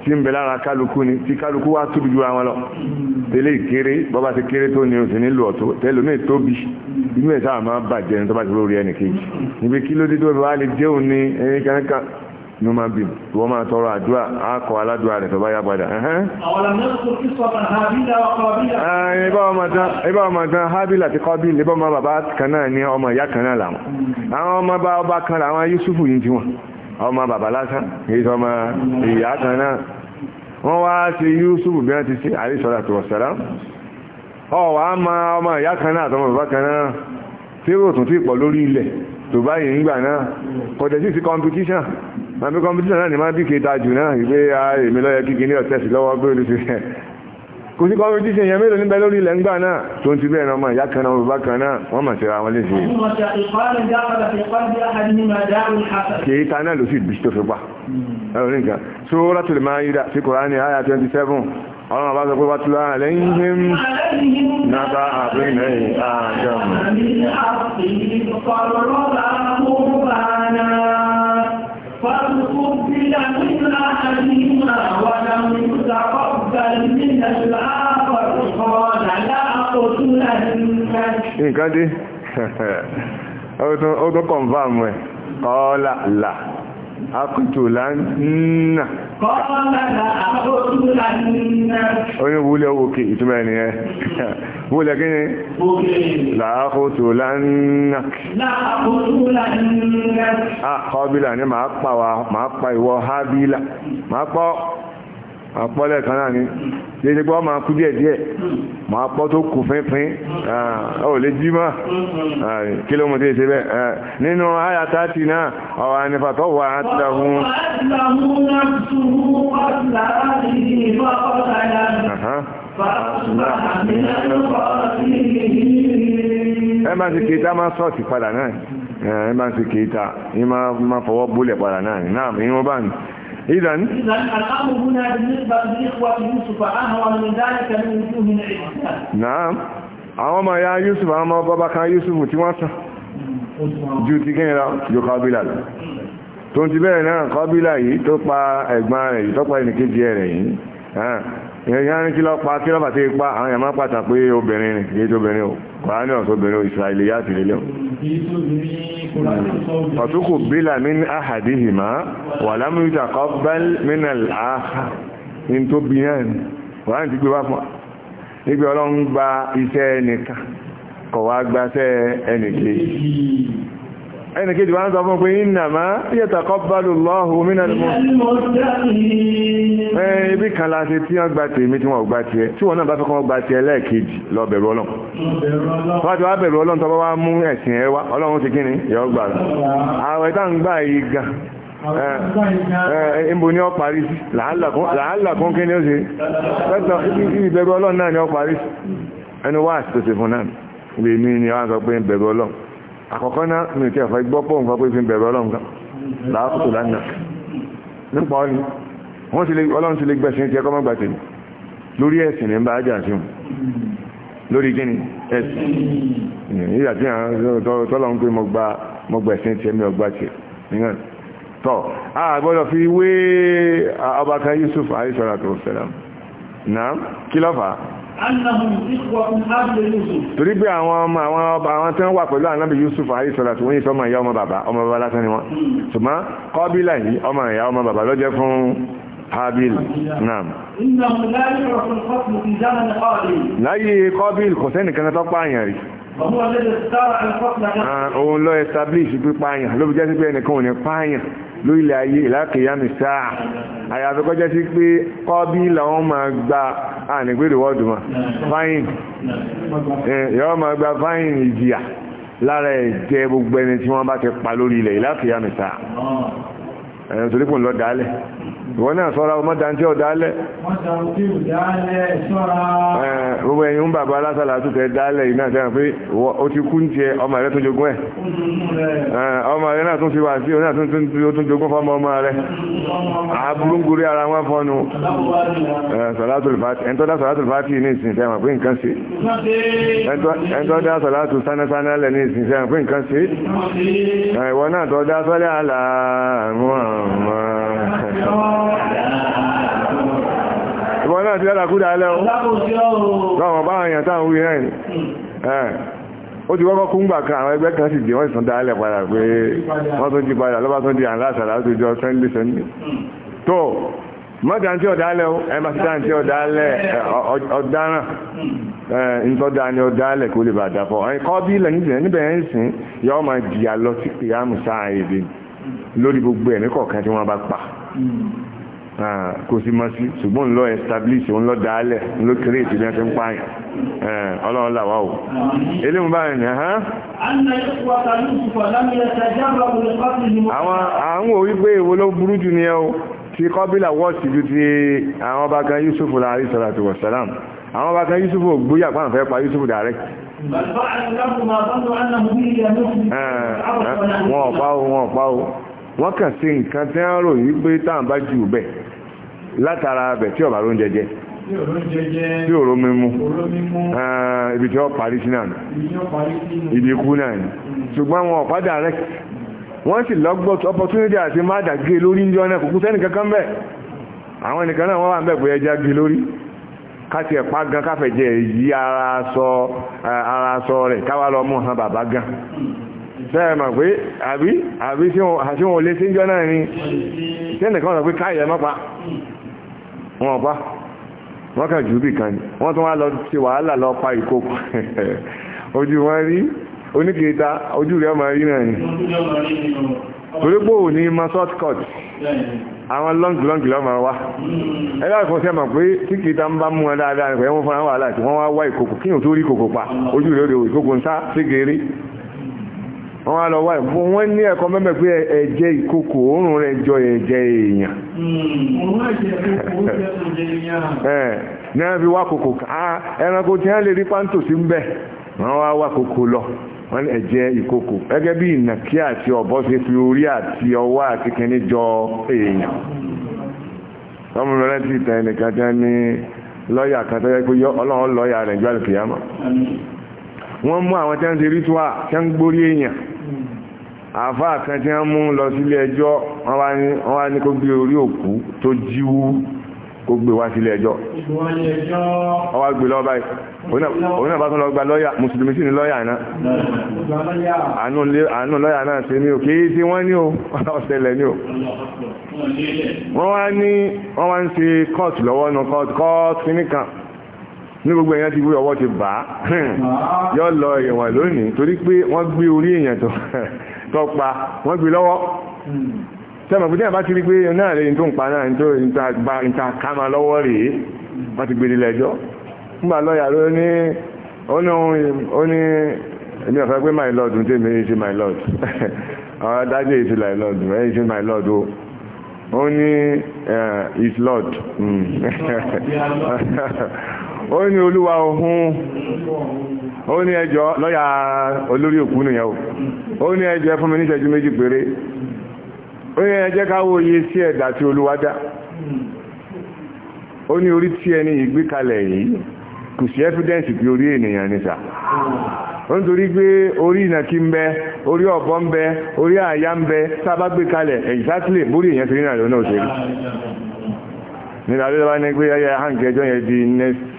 tí ń bẹ lára kálukú ni tí kálukú wá tóbi ju àwọn lọ tẹ́lẹ̀ kéré bọ́bá ti kéré tó ní oṣù nílò ọ̀tọ̀ tẹ́lẹ̀ omi tóbi inú ẹ̀ sáà máa bàjẹ́ ní tọ́ba ti lórí ẹnì kejì níbi kí ló dé tó wá lè déhùn ní ẹni kankan ní ó máa bì wọ́n máa tọrọ àdúrà àkọ́ aládùúrà rẹ̀ tọ́ba yá padà. ibà ọmọ tán hábìlì àti kọ́bìlì ibà ọmọ bàbá kan náà ní ọmọ ìyá kan náà làwọn àwọn ọmọ bá ọba kan làwọn Yusufu yìí ti wọn ọmọ bàbá lásán èyí tó ọmọ ìyá kan náà wọ́n wá sí Yusuf bí wọ́n ti sí àríṣọ́lá tó wọ̀sẹ̀lá ọwà ma ọmọ ìyá kan náà àtọmọ bàbá kan náà tí ó tún ti pọ̀ lórí ilẹ̀ tó báyìí nígbà náà kọ̀dẹ̀ sí sí competition ma bí competition náà ni má bí kéta jù náà ìgbé ààrẹ ah, mi lọ́yẹ kíkí ní ọ̀tẹ́sì lọ́wọ́ gbé olùsíṣẹ́ kò sí competition yẹn mélòó níbẹ̀ lórí ilẹ̀ ńgbà náà tó ń ti bẹ́ẹ̀ náà ìyá kan náà olùbá kan náà wọ́n mà síra wọn léṣe. kìí ta náà ló sì bí tó fi pa ẹ̀rọ nìkan Suratul Maida sí Kùránì àyà 27 ọlọ́run bá sọ pé wàtí lára lẹ́yìn nàbà àbúrẹ́ àjọmọ̀ فاستقبل من أحدهما ولم يتقبل من الآخر قال لا أقتلنك nǹkan dé ó tún kọ̀ǹfàmù ẹ̀ kọ́ọ́lá là akùtùlánà oní wúlẹ̀ òkè ìtumọ̀ ẹni ẹ wúlẹ̀ kí ni láàkùtùlánà àkọ́bílà ah, ní máa pa ìwọ habila, ma pọ́ àpọ́lẹ̀ kan náà ni léde pé wọ́n máa kú díẹ̀ díẹ̀ máa pọ́ tó kù fínfín ọ̀ lè jí mọ́ kí ló mú tí ṣe bẹ́ẹ̀ nínú àyà tààtì náà ọ̀wà nífàtọ́ wà á ti dáhùn ẹ máa ti kéta máa sọ́ọ̀tì padà náà ẹ máa ti kéta ẹ máa fọwọ́ bólẹ̀ padà náà náà ìwọ̀n bá ní إذن الأمر هنا بالنسبة لإخوة يوسف أهوى من ذلك من وجوه العبادة نعم àwọn ọmọ ya Yusuf àwọn ọmọ bàbá kan Yusuf tí wọ́n sàn ju ti kẹ́yìn lọ ju kọbílà lọ tó ti bẹ́ẹ̀ náà kọbílà yìí tó pa ẹ̀gbọ́n rẹ̀ yìí tó pa ẹnìkejì rẹ̀ yìí ìyẹn ní kí lọ pa kí lọ́pàá tí ipa àwọn èèyàn máa pàtà pé obìnrin ni kìí tóbìnrin o kòránì ọ̀tọ́ obìnrin o ìsìláìlì yá ti lélẹ̀ o ọ̀túnkù bílà min ahadihima wà lámúyútà kọ́ bẹ́ẹ̀l mínàl àhà ní tó bí náà ni kòránì ti gbé wá fún wa nígbà ọlọ́run gba iṣẹ́ ẹnìkan kọ̀ ẹni kejì wá ń sọ fún pé innama yataqabbalu Allahu minal muttaqin kan la tí wọ́n gba tèmi tí wọ́n gba tiẹ̀ tí wọ́n náà bá fẹ́ kọ́ gba tiẹ̀ lẹ́ẹ̀kejì lọ ọlọ́run tó wá mú ẹ̀sìn ọlọ́run ti kíni yọ gbà rẹ̀ fún náà ní ni wọ́n àkọ́kọ́ náà mi ò tí ẹ̀fọ́ igbó pọ̀ nǹkan pé fi bẹ̀rẹ̀ ọlọ́run kan láàkókò lánàá nípa ọ́ ni wọ́n ti lè ọlọ́run ti lè gbẹ̀sìn ti ẹkọ́ mọ́gbà tèmi lórí ẹ̀sìn ní bá ájà sí wọn lórí gíní ẹ̀sìn ìyà tí àwọn tọ́lọ́run pé mo gbẹ̀sìn ti ẹ̀mí ọgbà tiẹ̀ nígbà tọ́ a gbọ́dọ̀ fi wé ọba kan Yusuf alayhi salatu wassalam náà kí ló fà torí pé àwọn ọmọ àwọn ọba àwọn tí wọ́n wà pẹ̀lú ànábì Yusuf ayé sọ̀rọ̀ tí wọ́n yìí sọmọ ìyá ọmọ bàbá ọmọ bàbá lásán ni wọ́n hmm. ṣùgbọ́n kọ́bílà yìí ọmọ ìyá ọmọ bàbá ló fún Habil naam láyé kọ́bíl kò sẹ́nìkan tó pààyàn rí ah, òun lọ establish pípààyàn ló fi jẹ́ sí pé ẹnìkan ò ní pààyàn lórílẹ̀ ayé ìlàkèyàmì sáà àyàfi kọjá sí pé kọ́bí làwọn máa gba ànígbèrè wọ́ọ̀dù mà fáyìn yọ́ máa gba fáyìn ìjìyà lára ẹ̀jẹ̀ gbogbo ẹni tí wọ́n bá ti pa lórílẹ̀ ìlàkèyàmì sáà ẹ̀yàn torípò ńlọ dálẹ̀ ìwọ náà sọ́ra ọmọ dantí ọ̀dálẹ̀ gbogbo ẹ̀yin ń bàbá alásàlá tó tẹ dálẹ̀ yìí náà sẹ́yìn ó ti kú ń tiẹ̀ ọmọ rẹ tó jogún ẹ̀ ọmọ rẹ náà tún fi wà sí ọ̀nà tó jogún fọmọ ọmọ rẹ aburúngurí ara wọn fọnu ẹ̀ńtọ́dá sọ̀látù fàtì ní ìsìn sẹ́yìn pé nǹkan ṣe ẹ̀ńtọ́dá sọ̀látù sánásáná lẹ̀ ní ìsìn sẹ́yìn pé nǹkan ṣe ìwọ náà tọ́ dá sọ́lẹ̀ àlà àwọn ọmọ ìwọ̀n náà ti ládàkúdà alẹ́ o láwọn bá àyàn táà ń wí náà ni ó ti kọ́kọ́ kún gbà kan àwọn ẹgbẹ́ kan sì jẹ́ wọ́n ìsàn dáálẹ̀ padà pé wọ́n tún ti padà lọ́bá tún di àǹlá àṣàlá tó jọ sunday sunday tó mọ́ta tí ọ̀dálẹ̀ o ẹ̀mà títà tí ọ̀dálẹ̀ ọ̀dáràn ǹtọ́dá ni ọ̀dálẹ̀ kó lè bà dàpọ̀ ẹ̀kọ́ bí ilẹ̀ níbẹ̀ níbẹ̀ ń sìn yọ ọmọ jìyà lọ lórí gbogbo ẹ̀mí kọ̀ọ̀kan tí wọ́n bá pa kò sí mọ́ sí ṣùgbọ́n ń lọ establish ń lọ dálẹ̀ ń lọ create bí wọ́n ti ń pààyàn ọlọ́run làwà o eléwu báyìí ni àwọn àwọn òwípé èwo ló burú jù ni ẹ o ti kọ́bílà wọ́ọ̀sì ju ti àwọn ọba kan Yusuf láàrin sọ̀rọ̀ àti wọ̀sálàm àwọn ọba kan Yusuf gbóyà fẹ́ pa Yusuf dàrẹ́ wọ́n ọ̀pá o wọ́n wọ́n kàn sí nǹkan tí wọ́n rò yí pé táwọn bá jù bẹ̀ látara bẹ̀ tí ọ̀bà ló ń jẹjẹ tí òró mímú ah, ibi tí wọ́n parí sí náà ibi ikú náà ni ṣùgbọ́n wọn ọ̀padà rẹ̀ wọ́n sì lọ́gbọ́t opportunity àti má dàgé lórí ń jọ náà kúkú sẹ́nì kankan bẹ́ẹ̀ àwọn ẹnìkan náà wọ́n wà ń bẹ̀ bóyá ẹja gé lórí káti ẹ̀pá gan káfẹ̀jẹ̀ yí ara sọ eh, rẹ̀ káwá lọ mú han bàbá gan sẹ́ẹ̀mà pé àbí àbí àti wọn lé síjọ́ náà ni tẹ́nìkan sọ pé káyẹ̀ mọ́pa wọn pa wọ́n kà jù bí kan ni wọ́n tún wá lọ ṣe wàhálà lọ pa ìkókò ojú wọn rí oníkèéta ojú rẹ̀ ọmọ rí náà ni torípò ní ma short cut àwọn long long lọ́mọ wá ẹgbẹ́ àkọsí ẹ̀mọ̀ pé tí kìíta ń bá mú wọn dáadáa ẹ̀wọ̀n fún àwọn wàhálà tí wọ́n wá wá ìkókò kí wọ́n á lọ wá ìbò wọ́n ní ẹ̀kọ́ mẹ́mẹ́ pé ẹ̀jẹ̀ ìkòkò òórùn rẹ̀ jọ ẹ̀jẹ̀ èèyàn hmm, ní wọ́n fi wá kòkò ah, ẹranko tí wọ́n lè rí pántò sí ń bẹ̀ wọ́n wá wá kòkò lọ wọ́n lè bí ìnàkí àti ṣe fi orí àti jọ èèyàn ọmọ mi ẹnìkan ní lọ́ọ̀yà kan ọlọ́run wọ́n mú àwọn tẹ́ ń ṣe rituwa tẹ́ ń gbórí èèyàn àfáà kan tí wọ́n mú lọ sílé ẹjọ́ wọ́n wá ní kó gbé orí òkú tó jíwú kó gbé wá sílé ẹjọ́ ni lọ́yà náà àánú lọ́yà náà ṣe ní o kìí sí wọ́n ní o ọ̀sẹ̀lẹ̀ ní o wọ́n wá ní wọ́n wá ń ṣe kọ́ọ̀tù lọ́wọ́ nù kọ́ọ̀tù kọ́ọ̀tù nìkan ní gbogbo èèyàn ti wí ọwọ́ ti bà á hmm. yọ lọ ẹ̀wọ̀n lónìí torí pé wọ́n gbé orí èèyàn tó pa wọ́n gbé lọ́wọ́ tẹ́mọ̀ hmm. pé tẹ́mọ̀ bá ti rí pé náà lè tó ń pa náà tó ìta kama lọ́wọ́ rèé wọ́n ti gbèrè lẹ́jọ́ nígbà lọ́yà ló ní ó ní èmi my lord ń my lord àwọn adájọ́ èyí lord ẹ̀yìn my lord o ó ní lord hmm. onye oluwa olúwa ohun ó ejo ẹjọ́ lọ́yà olórí òkú nìyẹn o ó ejo ẹjọ́ mi ní ìṣẹ́jú méjì péré ó ní ẹjẹ́ káwó iye sí ẹ̀dà tí olúwa dá ó ní orí tí ẹni ìgbékalẹ̀ yìí kò sí ẹ́fídẹ́ǹsì pé orí ènìyàn ní sà ó ń torí pé orí ìnàkí ń bẹ orí ọ̀bọ ń bẹ orí exactly bórí èèyàn torí náà lọ́nà òṣèlú nígbà tó ní pé yẹn di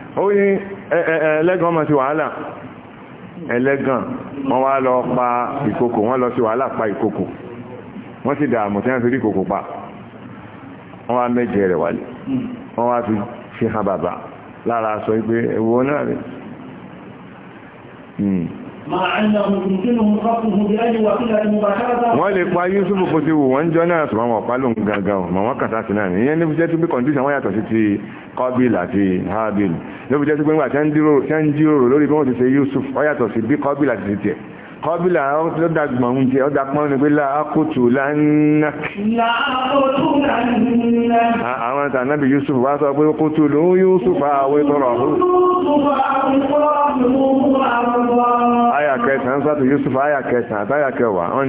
ó ní ẹlẹ́gàn ọmọ sí wàhálà ẹlẹ́gàn wọ́n wá lọ pa ìkòkò wọ́n lọ sí wàhálà pa ìkòkò wọ́n sì dààmú tí wọ́n fi rí ìkòkò pa wọ́n wá mẹ́jẹ rẹ̀ wálé wọ́n wá fi fi hàn bàbá lára sọ pé ẹ̀wọ̀ náà rẹ̀ hmm wọ́n lè pa Yúsùfù kó ti wù wọ́n jọ náà tọ́wọ́n ọ̀pá lóun gangan ọ̀ màwọn kàtà sí náà ìyẹn ní jẹ́ tí pé kọ̀ǹdíṣàn wọ́n yàtọ̀ sí ti Kọ́bìl àti Hábìl ló fi jẹ́ tí pé ńgbà tẹ́ ń jíròrò lórí bí wọ́n ti ṣe Yúsùfù ó yàtọ̀ sí bí Kọ́bìl àti ti tiẹ̀ kọ́bílà ó dá gbọ̀n jẹ́ ó dá pọ́n ní pé láàkótò lánàá àwọn tànábì Yusuf wá sọ pé kótò ló ń Yusuf àwẹ́ tọrọ ọ̀hún àyà kẹsàn-án sọ́tù Yusuf àyà kẹsàn-án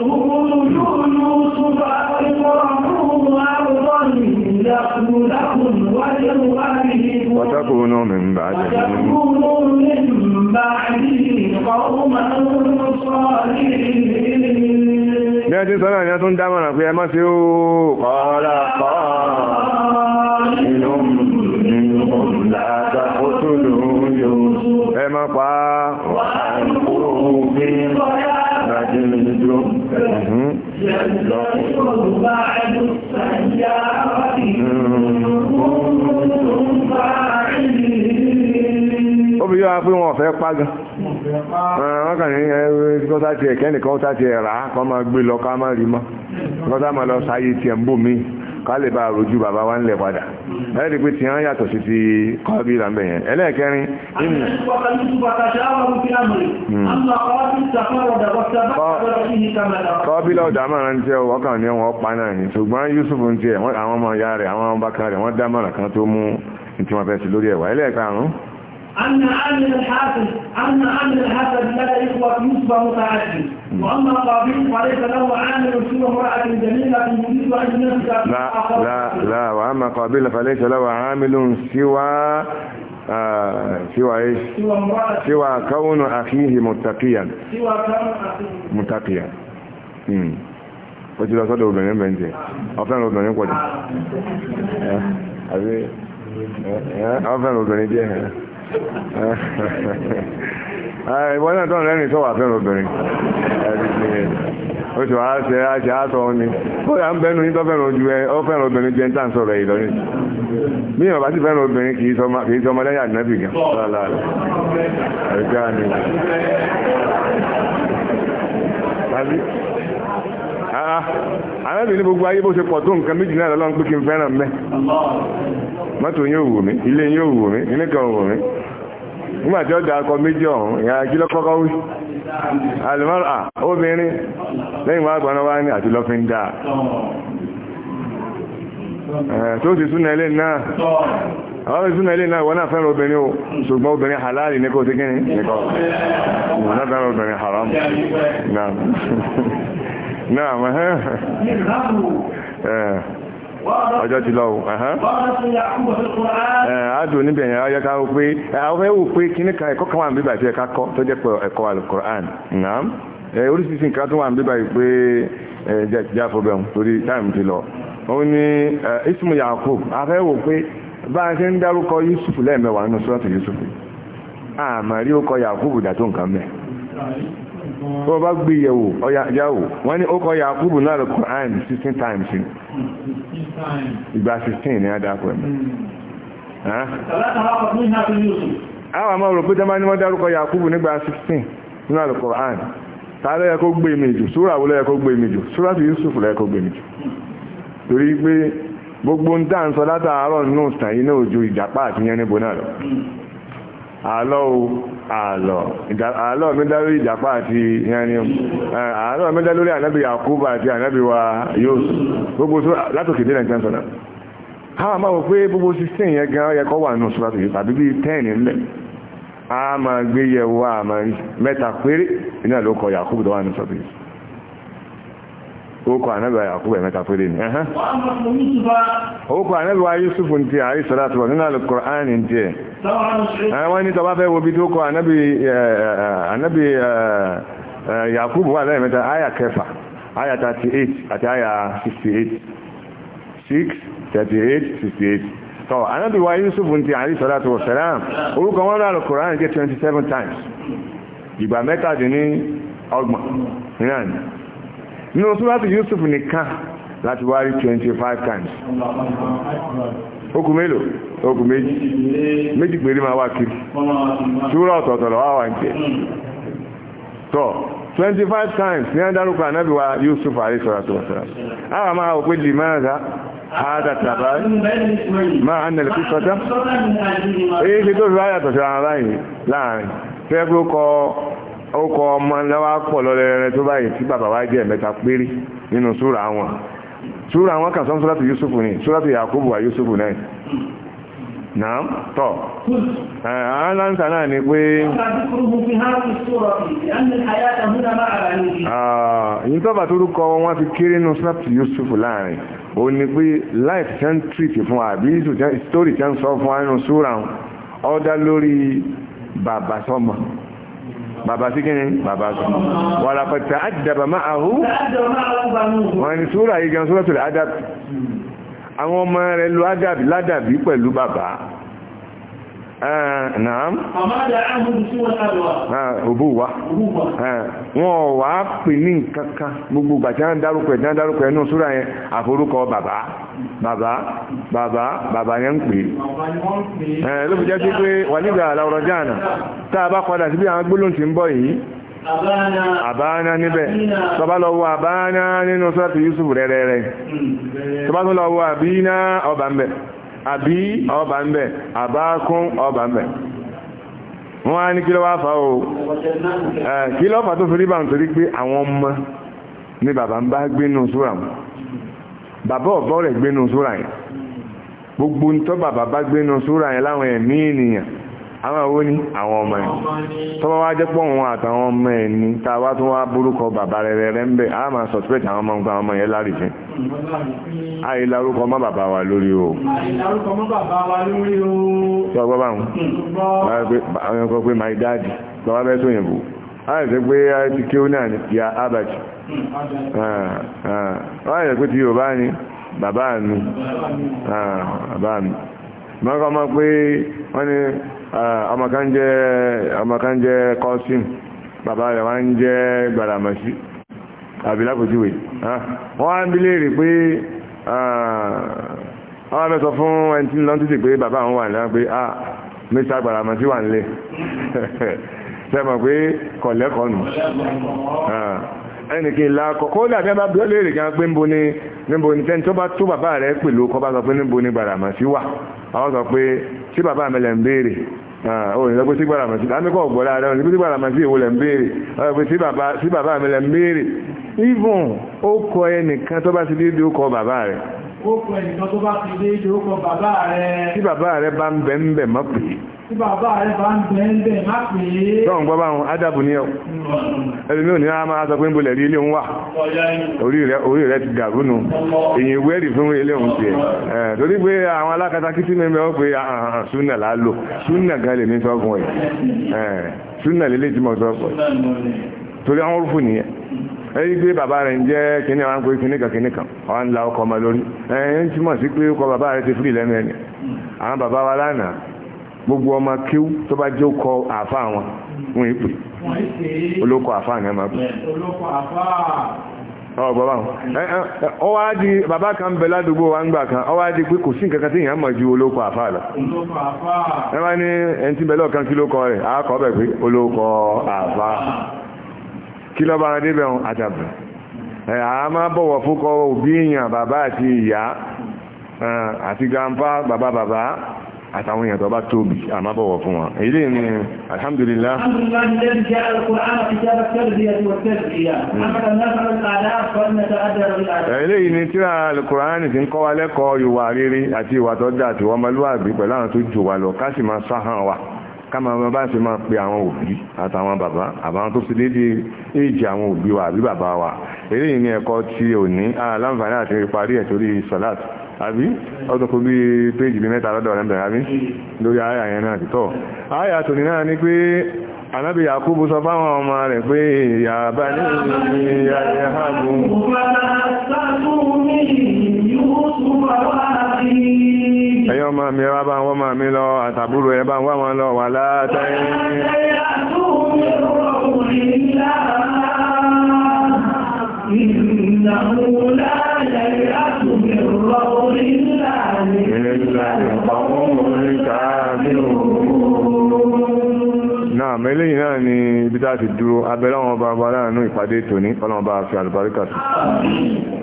قولوا يوسف اقرأوا أرضا يخل لكم وجه أهله وتكونوا من بعده وتكونوا من بعده قوما صالحين bí a ti sọ́nà ni a tún dámọ̀ràn pé ẹ má sí oó kọ́ọ́lá kọ́ọ̀lá inú ìlú láàá Mm. obìnrin wa pé wọn fẹ́ pa wọ́n kàn ní ẹgbẹ́ sáti ẹ̀kẹ́ nìkan sáti ẹ̀rà kọ́ máa gbé lọ ká máa rí mọ́ kọ́ sá máa sáyé tiẹ̀ ń bò míì kálẹ̀ bá rojú bàbá wa ń lẹ̀ padà ẹ̀rí pé tí wọ́n yàtọ̀ sí ti kọ́bí ìlànà yẹn ẹlẹ́ẹ̀kẹrin hmm. kọ́bí lọ dámọ̀ràn tí ó wọ́kàn ní wọ́n pa náà ní ṣùgbọ́n Yusuf ń tiẹ̀ àwọn ọmọ ìyá rẹ̀ àwọn ọmọ bákan rẹ̀ wọ́n dámọ̀ràn kan tó mú ní tí wọ́n fẹ́ sí lórí ẹ̀wà ẹlẹ́ẹ̀karùn-ún أن عامل الحافظ أن عامل الحافظ لدى إخوة يصبح متعدد وأما قابيل فليس له عامل سوى امرأة جميلة يريد أن يمسك لا لا لا وأما قابيل فليس له عامل سوى آه، سوى ايش سوى امرأة سوى كون اخيه متقيا سوى كون اخيه متقيا امم وجه لا صدق بين بين افلان لو بين قد آه. آه، افلان لو بين ìwọ náà tọ́nà lẹ́ni tó fẹ́ obìnrin oṣù àṣẹ àṣẹ àtọ̀ ni ó yà ń bẹ́nu ní tó fẹ́ràn ojú ẹ ó fẹ́ràn obìnrin jẹ́ ń tà ń sọ̀rọ̀ èyí lọ́nà bí ìwọ̀n bá sì fẹ́ràn obìnrin kì í sọ lẹ́yìn àdínábì gan láàlá àánábì ní gbogbo ayé bó ṣe pọ̀ tó nǹkan méjì náà lọ́lọ́run pé kí n fẹ́ràn mẹ́ mọ́tò yóò wù mí ilé yóò wù mí ilé kan wù mí nígbà tí ó da akọ méjì ọ̀hún ìyá ajílẹ̀ kọ́kọ́ wí àlùmọ́ràn obìnrin lẹ́yìn wá gbọ́nà wá ní àti lọ́fíńdà Eh, tó sì súnà ilé náà àwọn ilé náà wọ́n náà obìnrin o ṣùgbọ́n obìnrin halali ní kò tí kíni wọ́n náà obìnrin haram náà eh, eh. ọjọ́ ti lọ níbẹ̀ yẹn ká pé àwọn pé ẹ̀kọ́ kan wà tí kọ́ tó jẹ́ ẹ̀kọ́ alukoran náà tó wà yìí pé torí táìmù ti lọ òun ni ismu yakub afẹ́wò pé bá a ṣe ń yusuf lẹ́ẹ̀mẹ́wàá nínú sọ́ọ̀tù yusuf àmà rí ó kọ yakub dàtó nǹkan mẹ́ ụkọ Yakubu gbé yẹ̀wò ọ̀yáwò wọ́n ní ó yakub Quran times ni a dákọ̀ ẹ̀mẹ́ àwọn àmọ́ yakub 16 nínú Al-Qur'an tààrẹ ẹ̀kọ́ gbé torí pé gbogbo ń dá ń sọ látàárọ̀ nínú ìtàn yìí náà ju ìjàpá àti yẹn níbo náà lọ àlọ́ o àlọ́ àlọ́ mi dá lórí ìjàpá àti yẹn ni àlọ́ mi dá lórí ànábì Yakubu àti ànábì wa yóò gbogbo tó látòkè dé nàìjíríà sọ̀rọ̀ a máa wọ pé gbogbo sixteen yẹn gan yẹ kọ́ wà nínú sọ́lá tó yẹ tàbí bíi ten ńlẹ̀ a máa gbé yẹ̀wò a máa mẹ́ta péré iná ló kọ Yakubu tó wà nínú sọ́lá ókọ̀ ànábà Yakubu ẹ̀mẹ́ta péré ni ẹ̀hán ókọ̀ ànábà Yusufu ti àrí sọ́dátọ̀ nínú Al-Qur'ani ti ẹ̀ wọ́n ní tọba fẹ́ wo bí tó kọ ànábì Yakubu wà lẹ́ẹ̀mẹ́ta àyà kẹfà àyà 38 àti àyà 68 6 38 68 tọ́ ànábì wa Yusufu ti àrí sọ́dátọ̀ sẹ́lám orúkọ wọn rà Al-Qur'ani jẹ́ 27 times ìgbà mẹ́tàdínní ọgbọ̀n nínú no súrátù Yusuf nìkan láti wá 25 times okùn mélòó méjì méjì máa kiri ọ̀tọ̀ọ̀tọ̀ lọ wà ń tẹ̀ 25 times ní àdárúkọ ànábì wa Yusuf àrí sọ̀rọ̀ sọ̀rọ̀ àwọn máa pé máa ra tàbá máa èyí ṣe tó fi wáyà tọ̀sọ̀ ọkọ ọmọ lọ́wọ́ pọ̀ lọ́lẹ́rẹ́rẹ́ tó báyìí tí bàbá wa jẹ́ mẹ́ta péré nínú súra wọn súra wọn kà sọ́n yusufu Yusuf ni súrátù Yakubu wa yusufu náà náà tọ́ aláǹsà náà ni pé yìí ah, tọ́bà tó rúkọ wọn fi kéré nínú súrátù Yusuf láàrin ó ní pé life centric fún àbí story tẹ́ sọ fún àánú súra wọn ó dá lórí bàbá sọ́mọ bàbá sí kíni bàbá sí wàlà pẹ̀tà àdàbà máa àhú wọ́n ni súrà yìí gan súrà tó lè ádàbì àwọn ọmọ rẹ̀ lo ádàbì ládàbì pẹ̀lú bàbá naam òbúwa wọn wà pè ní ụbụwa. gbogbo gbàtí wọ́n dárúkọ ẹ̀dá dárúkọ ẹnu súra yẹn àforúkọ bàbá bàbá bàbá bàbá yẹn ń pè eh, ló fi jẹ́ sí pé wà nígbà tá a bá padà sí bí àbí ọba ń bẹ̀ àbákún ọba ń bẹ̀ wọ́n á ní kí ló wá fà o kí fà tó fi rí bá pé àwọn ọmọ ni bàbá ń bá gbénu sóra wọn bàbá ọ̀bọ́ rẹ̀ gbénu sóra yẹn gbogbo ń tọ́ bàbá bá gbénu sóra yẹn láwọn ẹ̀mí ènìyàn àwọn owó ní àwọn ọmọ ẹ̀ tọ́wọ́ wá jẹ́ pọ̀ wọn àtàwọn ọmọ ẹ̀ ní tàwa tó wá burúkọ bàbá rẹ̀ rẹ̀ ń bẹ̀ á máa sọ̀túpẹ̀tì àìlárúkọ mọ́ bàbá wa lórí o àìlárúkọ mọ́ bàbá wa lórí o tí ọgbọ́ báhùn àwọn pé my daddy bàbá bẹ́ẹ̀ tó a àìsẹ́ pé ti kí ó ní ya abàjì hmm, ah, ah. àìsẹ́ pé ti Yorùbá ni bàbá mi bàbá mi ah, mọ́ pé wọ́n jẹ́ kọ́sìn bàbá rẹ̀ jẹ́ àbí lápòjúwe wọ́n á ń bí léèrè pé wọ́n á mẹ́sọ fún ẹni tí ń lọ títì pé bàbá àwọn wà náà pé ah mr agbarama sí wà nílé sẹ́mọ̀ pé kọ̀lẹ́kọ̀ọ́nù ẹnìkì ìlà kọ̀kọ́ dàbí ẹbá bí ó lè rí gan pé níbo ni níbo ni tẹ́ni tó bá tó bàbá rẹ̀ pẹ̀lú kọ́ bá sọ pé níbo ni gbàràmà sí wà àwọn sọ pé tí bàbá mẹ́lẹ̀ ń béèrè òun ah, ìlọ́gbé sí gbàrà màsí lámíkọ̀ ọ̀gbọ́ dáadáa òun sí gbàrà màsí èwo lẹ̀ ń béèrè ọ̀gbẹ́ sí bàbá mi lẹ̀ ń béèrè even ó kọ ẹnìkan tó bá ti déédéé ó kọ bàbá rẹ̀ ó kọ ẹnìkan tó bá ti déédéé ó kọ bàbá rẹ̀ tí bàbá rẹ̀ bá ń bẹ̀ ń bẹ̀ mọ́ pè é tí bàbá é tọ́n gbọ́ bá wọn ádàbù ní ọ ẹlùmí ò ní a máa sọ pé ń bolẹ̀ rí ilé òun wà orí rẹ̀ ti dàrú nù èyí wẹ́rì fún ilé òun tiẹ̀ torí pé àwọn alákatá kìtì mẹ́mẹ́ ó pé súnà lálò súnà gan lè ní sọ fún ẹ súnà lélẹ́ tí mo sọ fún ẹ torí àwọn orúfù nìyẹn èyí gbé bàbá rẹ̀ ń jẹ́ kíní àwọn akóyí kíní kan kíní kan àwọn ńlá ọkọ̀ ọmọ lórí ẹ̀yìn tí mọ̀ sí pé ọkọ̀ bàbá rẹ̀ ti fúrì lẹ́nu ẹni àwọn bàbá wa lánàá gbogbo ọmọ kíw tó bá jẹ́ ọkọ̀ àfá wọn fún ìpè olóko àfá ní ẹmà pè ọ bàbá ọ wá di bàbá kan bẹ ládùúgbò wa ń gbà kan ọ wá di pé kò sí nǹkan tí èèyàn mọ̀ ju olóko àfá lọ ẹ bá ní ẹni tí bẹ́lọ̀ kan kí ló kọ rẹ̀ á kọ́ bẹ̀ pé olóko àfá kí lọ́ bára débẹ̀ wọn àjàbù ẹ̀ a máa bọ̀wọ̀ fúkọ òbí èèyàn bàbá àti ìyá àtàwọn èèyàn tó bá tóbi àmá bọ̀wọ̀ fún wọn èyí ni alhamdulillah eléyìí ni tíra alkùránì ti ń kọ́ wa lẹ́kọ̀ọ́ ìwà rírí àti ìwà tó dá àti wọ́n mọ́lúwàbí pẹ̀lú àwọn tó jù wà lọ ká sì máa sáhàn wa ká máa bá ṣe máa pe àwọn òbí àtàwọn bàbá àbáwọn tó fi dédé èjì àwọn òbí wa àbí bàbá wa eléyìí ni ẹ̀kọ́ tí ò ní aláǹfààní àti ìparí ẹ̀ torí sọ́láàtì àbí ọdún kò bí péjì bí mẹ́ta lọ́dọ̀ ọ̀rẹ́bẹ̀rẹ̀ àbí lórí ayà yẹn náà tọ́ ayà tòní náà ní pé anábì Yakubu sọ fáwọn ọmọ rẹ̀ pé ìyàbá ní ìyà mi wá bá mi lọ àtàbúrò ẹ bá wọ́n wọn Náà mẹ́lẹ́yìn náà ni ibi tá ti dúró abẹ́lẹ́ àwọn ọba ọba láàánú ìpàdé tòní ọlọ́run bá fi àlùbáríkà sí.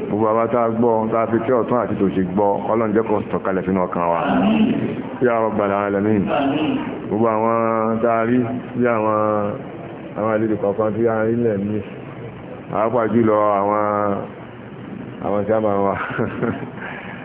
Gbogbo àbá tá gbọ́ tá fi kí ọ̀tún àti tòṣì gbọ́ ọlọ́run jẹ́ kó sọ̀kalẹ̀ sínú wa. Bí àwọn gbàdá ẹlẹ́mìn. Gbogbo àwọn tá a rí bí